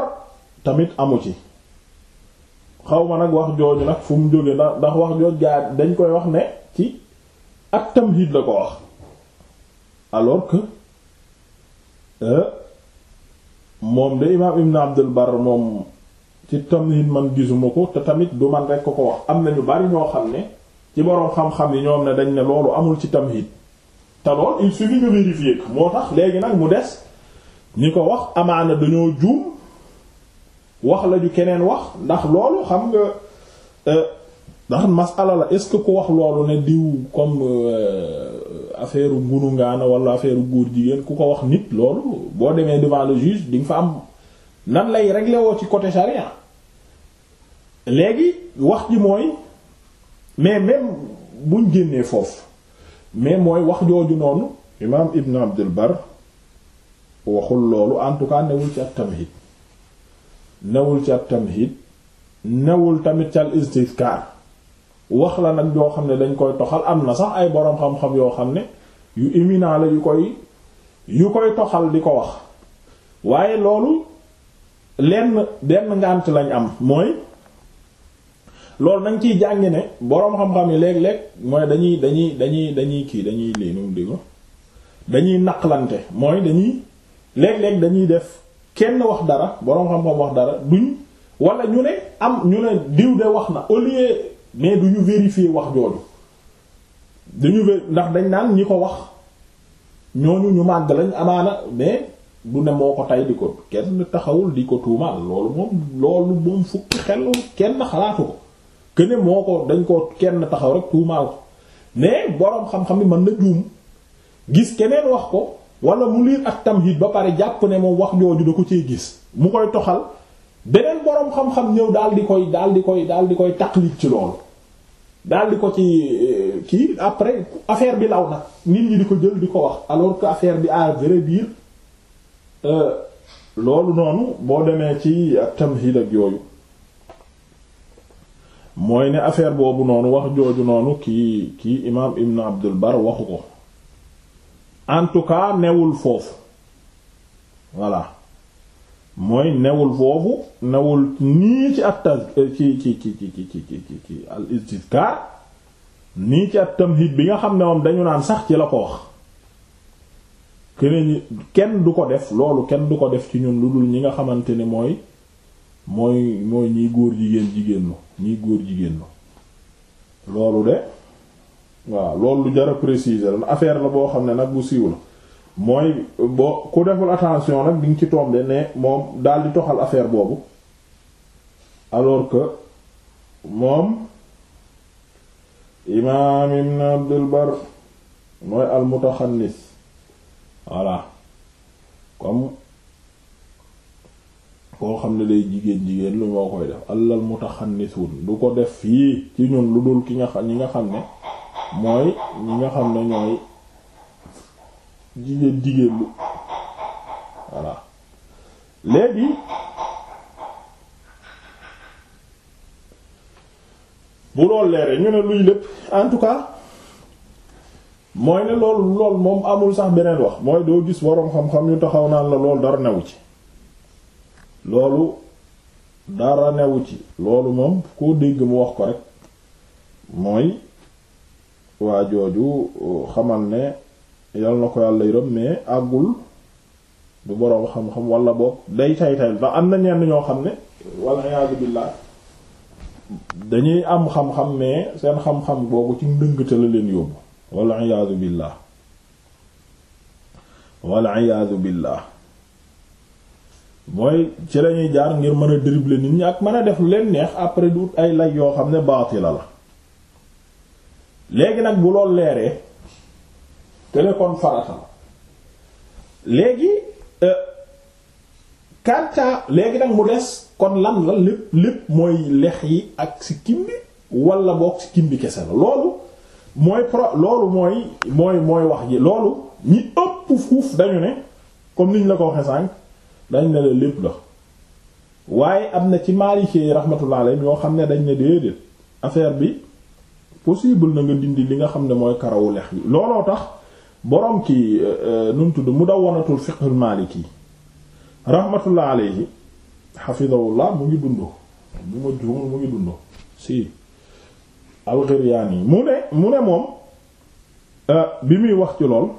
tamit amu ci xaw ma nag wax jooju nag fu mu jóge ndax ndax wax jooj gaa dañ koy wax ne ci ak tamhid la ko wax alors que euh, moom de imaam ibn abdul bar moom ci tamhid man gisuma ko te tamit du man rekk ko ko wax am na ñu bari ñoo xam ne ci boroom xam-xam yi ñoom ne dañ ne loolu amul ci tamhid te lool il suffit ñu vérifier ko moo tax léegi nag mu des ñi ko wax amaana dañoo juum wax la keneen wax ndax loolu xam nga euh, ndax masala la est-ce que ku wax loolu ne diw comme euh, affaire ngunu ngaana wala affaire góor jigéen ku ko wax nit loolu boo demee devant le juge di nga fa am nan lay réglé woo ci côté charia léegi wax ji mooy mais même buñ génnee foofu mais mooy wax jooju noonu imaam Ibn Abdul Bar waxul loolu en tout cas newul ci at-Tamhid newul ci at-Tamhid newul tamit ci al-Istizkar wax la nag yoo xam ne dañ koy toxal am na sax ay boroom xam-xam yoo xam ne yu éminent la yu koy yu koy toxal di ko wax waaye loolu lenn benn ngànt lañ am mooy loolu nañ ciy jàngi ne boroom xam-xam yi léeg-léeg mooy dañuy dañuy dañuy dañuy kii dañuy liinum digo dañuy naqlante mooy dañuy léeg-léeg dañuy def kenn wax dara boroom xam-xam wax dara duñ wala ñu ne am ñu ne diw de wax na au lieu mais du duñu vérifier wax jooju duñu ndax dañ naan ñi ko wax ñooñu ñu màgg lañ amaana mais du ne moo ko tay di ko kenn taxawul di ko tuumaal loolu moom loolu moom fukki xel kenn xalaatu ko que ne moo ko dañ ko kenn taxaw rek tuumaal ko mais boroom xam-xam bi mën na juum gis keneen wax ko wala mu liir ak tamhid ba pare jàpp ne moom wax jooju da ko ci gis mu koy toxal beneen boroom xam-xam ñëw daal di koy daal di koy daal di koy taqlid ci loolu daal di ko ci euh, kii après affaire bi law na nit ñi di ko jël di ko wax alors que affaire bi à vrai dire euh, loolu noonu boo demee ci ak tamhid ak yooyu mooy ne affaire boobu noonu wax jooju noonu kii kii imaam Ibn Abdul Bar waxu ko en tout cas newul foofu voilà mooy newul foofu newul nii ci at eh, ci ci ci ci ci ci ci al at tamhid bi nga xam ne moom dañu naan sax ci la ko wax keneen kenn du ko def loolu kenn du ko def ci ñun lu dul ñi nga xamante ni mooy. mooy mooy ñiy góor jigéen jigéen lu ñiy góor jigéen lu loolu de waaw loolu lu jar a préciser la affaire la boo xam ne nag bu siiw la mooy boo ku deful attention nag di nga ci tomber ne moom daal di toxal affaire boobu alors que moom imaam ibn abdul bar mooy al mutaxannis voilà comme koo xam ne day jigéen jigéen lu moo koy def allal mutaxannisuun du ko def fii ci ñun lu dul ki nga xam ñi nga xam ne mooy ñi nga xam ne ñooy jigéen jigéen lu voilà léegi bu lool leere ñu ne luy lépp en tout cas mooy ne lool lool moom amul sax beneen wax mooy doo gis boroom xam-xam yu taxaw naan la lool dara newu ci loolu dara newu ci loolu moom koo dégg mu wax ko rek mooy waa jooju uh, xamal ne yal na ko yàlla yërëm mais àggul du boroom xam-xam wala boog day tay tay ba am na ñenn ñoo xam ne wala iyaazu billaah dañuy am xam-xam mais seen xam-xam boobu ci ndëngte la leen yóbbu wala iyaazu billaah wala iyaazu billaah mooy ci lañuy jaar ngir mën a dribbler nit ñi ak mën a def leen neex après du ay lay yoo xam ne baatila la léegi nag bu lool leeree téléphone farata la léegi euh, karta léegi nag mu des kon lan la lépp lépp mooy lex yi ak si kimbi wala boog si kimbi kese la loolu mooy pro loolu mooy mooy mooy wax ji loolu ñi ëpp fuuf dañu ne comme niñ la ko waxee sànq dañ ne la lépp la waaye am na ci maalikee yi rahmatullah yoo xam ne dañ ne déedéet affaire bi possible na nga dindi li nga xam ne mooy karawu lex bi looloo tax boroom ki euh, euh, nu mu tudd Mudawwanatul Fiqhul Maliki rahmatullah alayhi hafidahullah mu ngi dundoo bu ma juumul mu ngi dundoo si Algiryaani yi mu ne mu ne moom euh, bi muy wax ci lool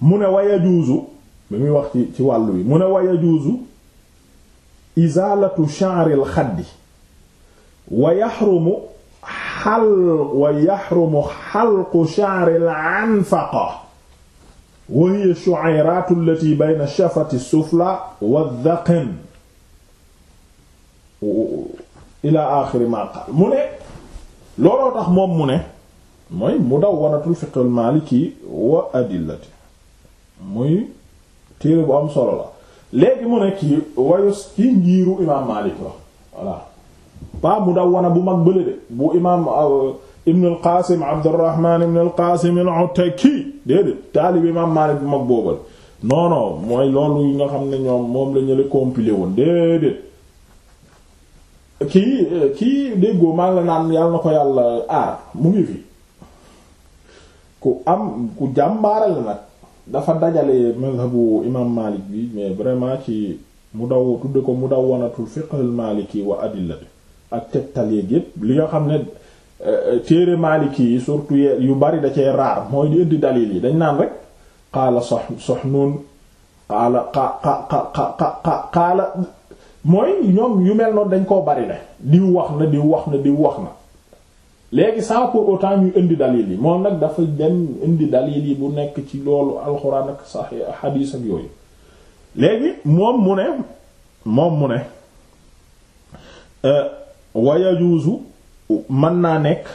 mu ne wayajuuzu bi muy wax ci ci wàllu wi mu ne wa yajuuzu izaalatu sha'ril xaddi wa yaxrumu xal wa yaxrumu xalqu sha'ril anfaqa wa hiya shu'ayratu allati bayna shafati sufla wa dhaqn ila axiri ma qaal mu ne looloo tax moom mu ne mooy mu daw waratul fiqhul maliki wa adillati muy téere bu am solo la léegi mu ne kii wayus ci ngiiru imaam bu mag bële de bu imaam euh, ibn al déedéet taalib imaam Maalik bu mag boobal non mooy loolu nga xam ne ñoom moom la ñu la compilé woon déedéet kii euh, kii déggoo maa la naan yàlla na ko yàlla aar mu ngi fi ku am ku jàmbaare la nag dafa dajale mazhabu imam Malik bi mais vraiment ci mu daw tudde ko mu daw wanatul fiqh al maliki wa adillati ak tegtal yeeg yépp li nga xam ne euh, téere maliki yi surtout yu bari da cee raar mooy di indi dalil yi dañ naan rek qaala sox soxnuun qaala qa qa qaala mooy ñoom yu mel noonu dañ koo bari ne wax na diw wax na diw wax na léegi sans pour autant ñuy indi dalil yi moom nag dafa dem indi dalil yi bu nekk ci loolu alxuraan sa sahih hadith ak yooyu léegi moom mu ne moom mu ne euh, wayajuusu mën naa nekk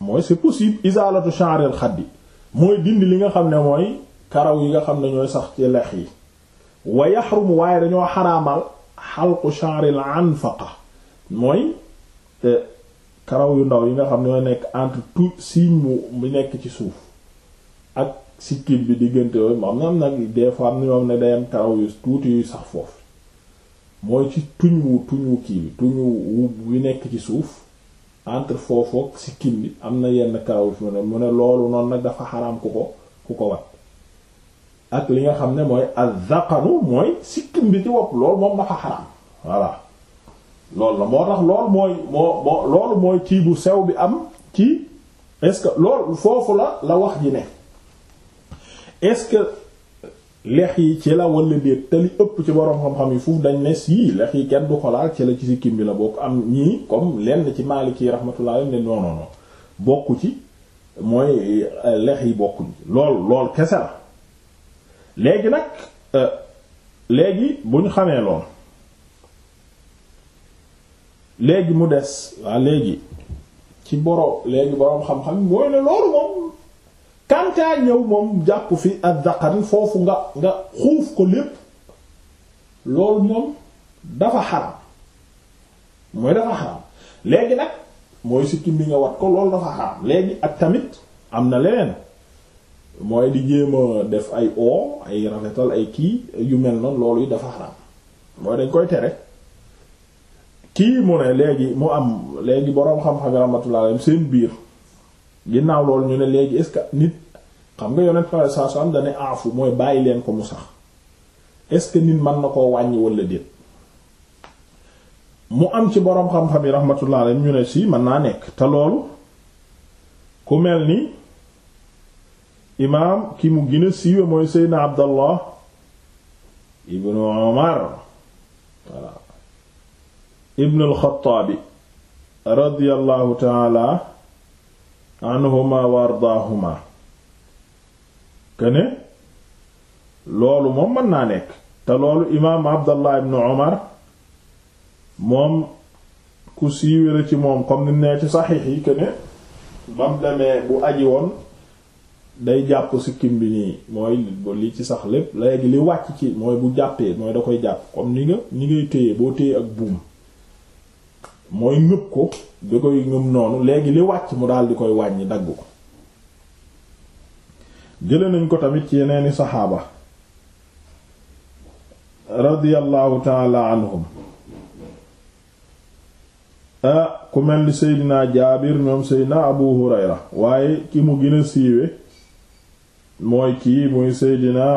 mooy c'est possible isalatu yi xaddi mooy dindi li nga xam ne mooy karaw yi nga xam ne ñooy sax ci lex yi wa yaxrumu waaye dañoo xaraamal xalqu sha'ril anfaqa mooy euh, karaw yu ndaw yi nga xam ne ñoo nekk entre tout signe bu nekk ci suuf ak sikkim bi diggante yooyu moom am nag des fois am na ñoom ne day am karaw yu tuuti yuy sax foofu mooy ci tuñ wu tuñ wu kii bi tuñ wu wi nekk ci suuf entre foofu ak sikkim bi am na yenn karaw yu ne mu ne loolu noonu nag dafa xaraam ku ko ku ko wat ak li nga xam ne mooy azaqanu mooy sikkim bi di wopp loolu moom dafa xaraam voilà loolu la moo tax lool mooy moo moo loolu mooy kii bu sew bi am ci est-ce que loolu foofu la la wax ji ne est-ce lex yi ci la wala déet te li ëpp ci borom xam-xam yi foofu dañ ne sii lex yi kenn du xolaal ci la ci sikkim bi la bokk am ñii comme lenn ci Maliki rahmatullah ne non non non bokku ci mooy euh, lex yi bokkuñ lool lool kese la léegi nag euh, léegi bu ñu xamee lool. léegi mu des waa léegi ci boro léegi boroom xam-xam mooy ne loolu moom kantaa ñëw moom jàpp fi ak azzaqari foofu nga nga xuuf ko lépp loolu moom dafa xaram mooy dafa xaram léegi bi nga wat ko loolu dafa ak tamit am na leneen mooy di jéem def ay o ay rafetal ay kii yu mel noonu loolu yi dafa xaram mooy dañ koy tere kii mu ne léegi mu am léegi boroom xam-xam rahmatullah seen biir ginnaaw loolu ñu ne léegi est-ce que nit xam nga yonent pare saa su am dane aafu mooy bàyyi leen ko mu sax est-ce que nit mën na koo wàññi wala déet mu am ci boroom xam-xam yi rahmatullah alayhi ñu ne si mën naa nekk te loolu ku mel ni imaam ki mu gën a siiwe mooy Seydina Abdallah ibnu Omar voilà ibn alxataabi radiallahu taala anhuma wa ardaahuma këne loolu moom mën naa nekk te loolu imaam abdallah ibn omar moom ku siiwéra ci moom comme ni nee ci saxiix yi këne bam demee bu aji woon day jàpp sikkim bi nii mooy li ci sax lépp léegi li wàcc ci mooy bu jàppee mooy da koy jàpp comme ni nga ni ngay téye boo téye ak buum mooy ngëb ko da koy ngëb noonu léegi li wàcc mu daal di koy wàññi dagg ko jële nañ ko tamit ci yeneeni saxaaba radiyallahu taala anhum ku mel ni seydinaa jaabir ñoom seydinaa abu hurayra waaye ki mu gën a siiwe mooy kii muy seydinaa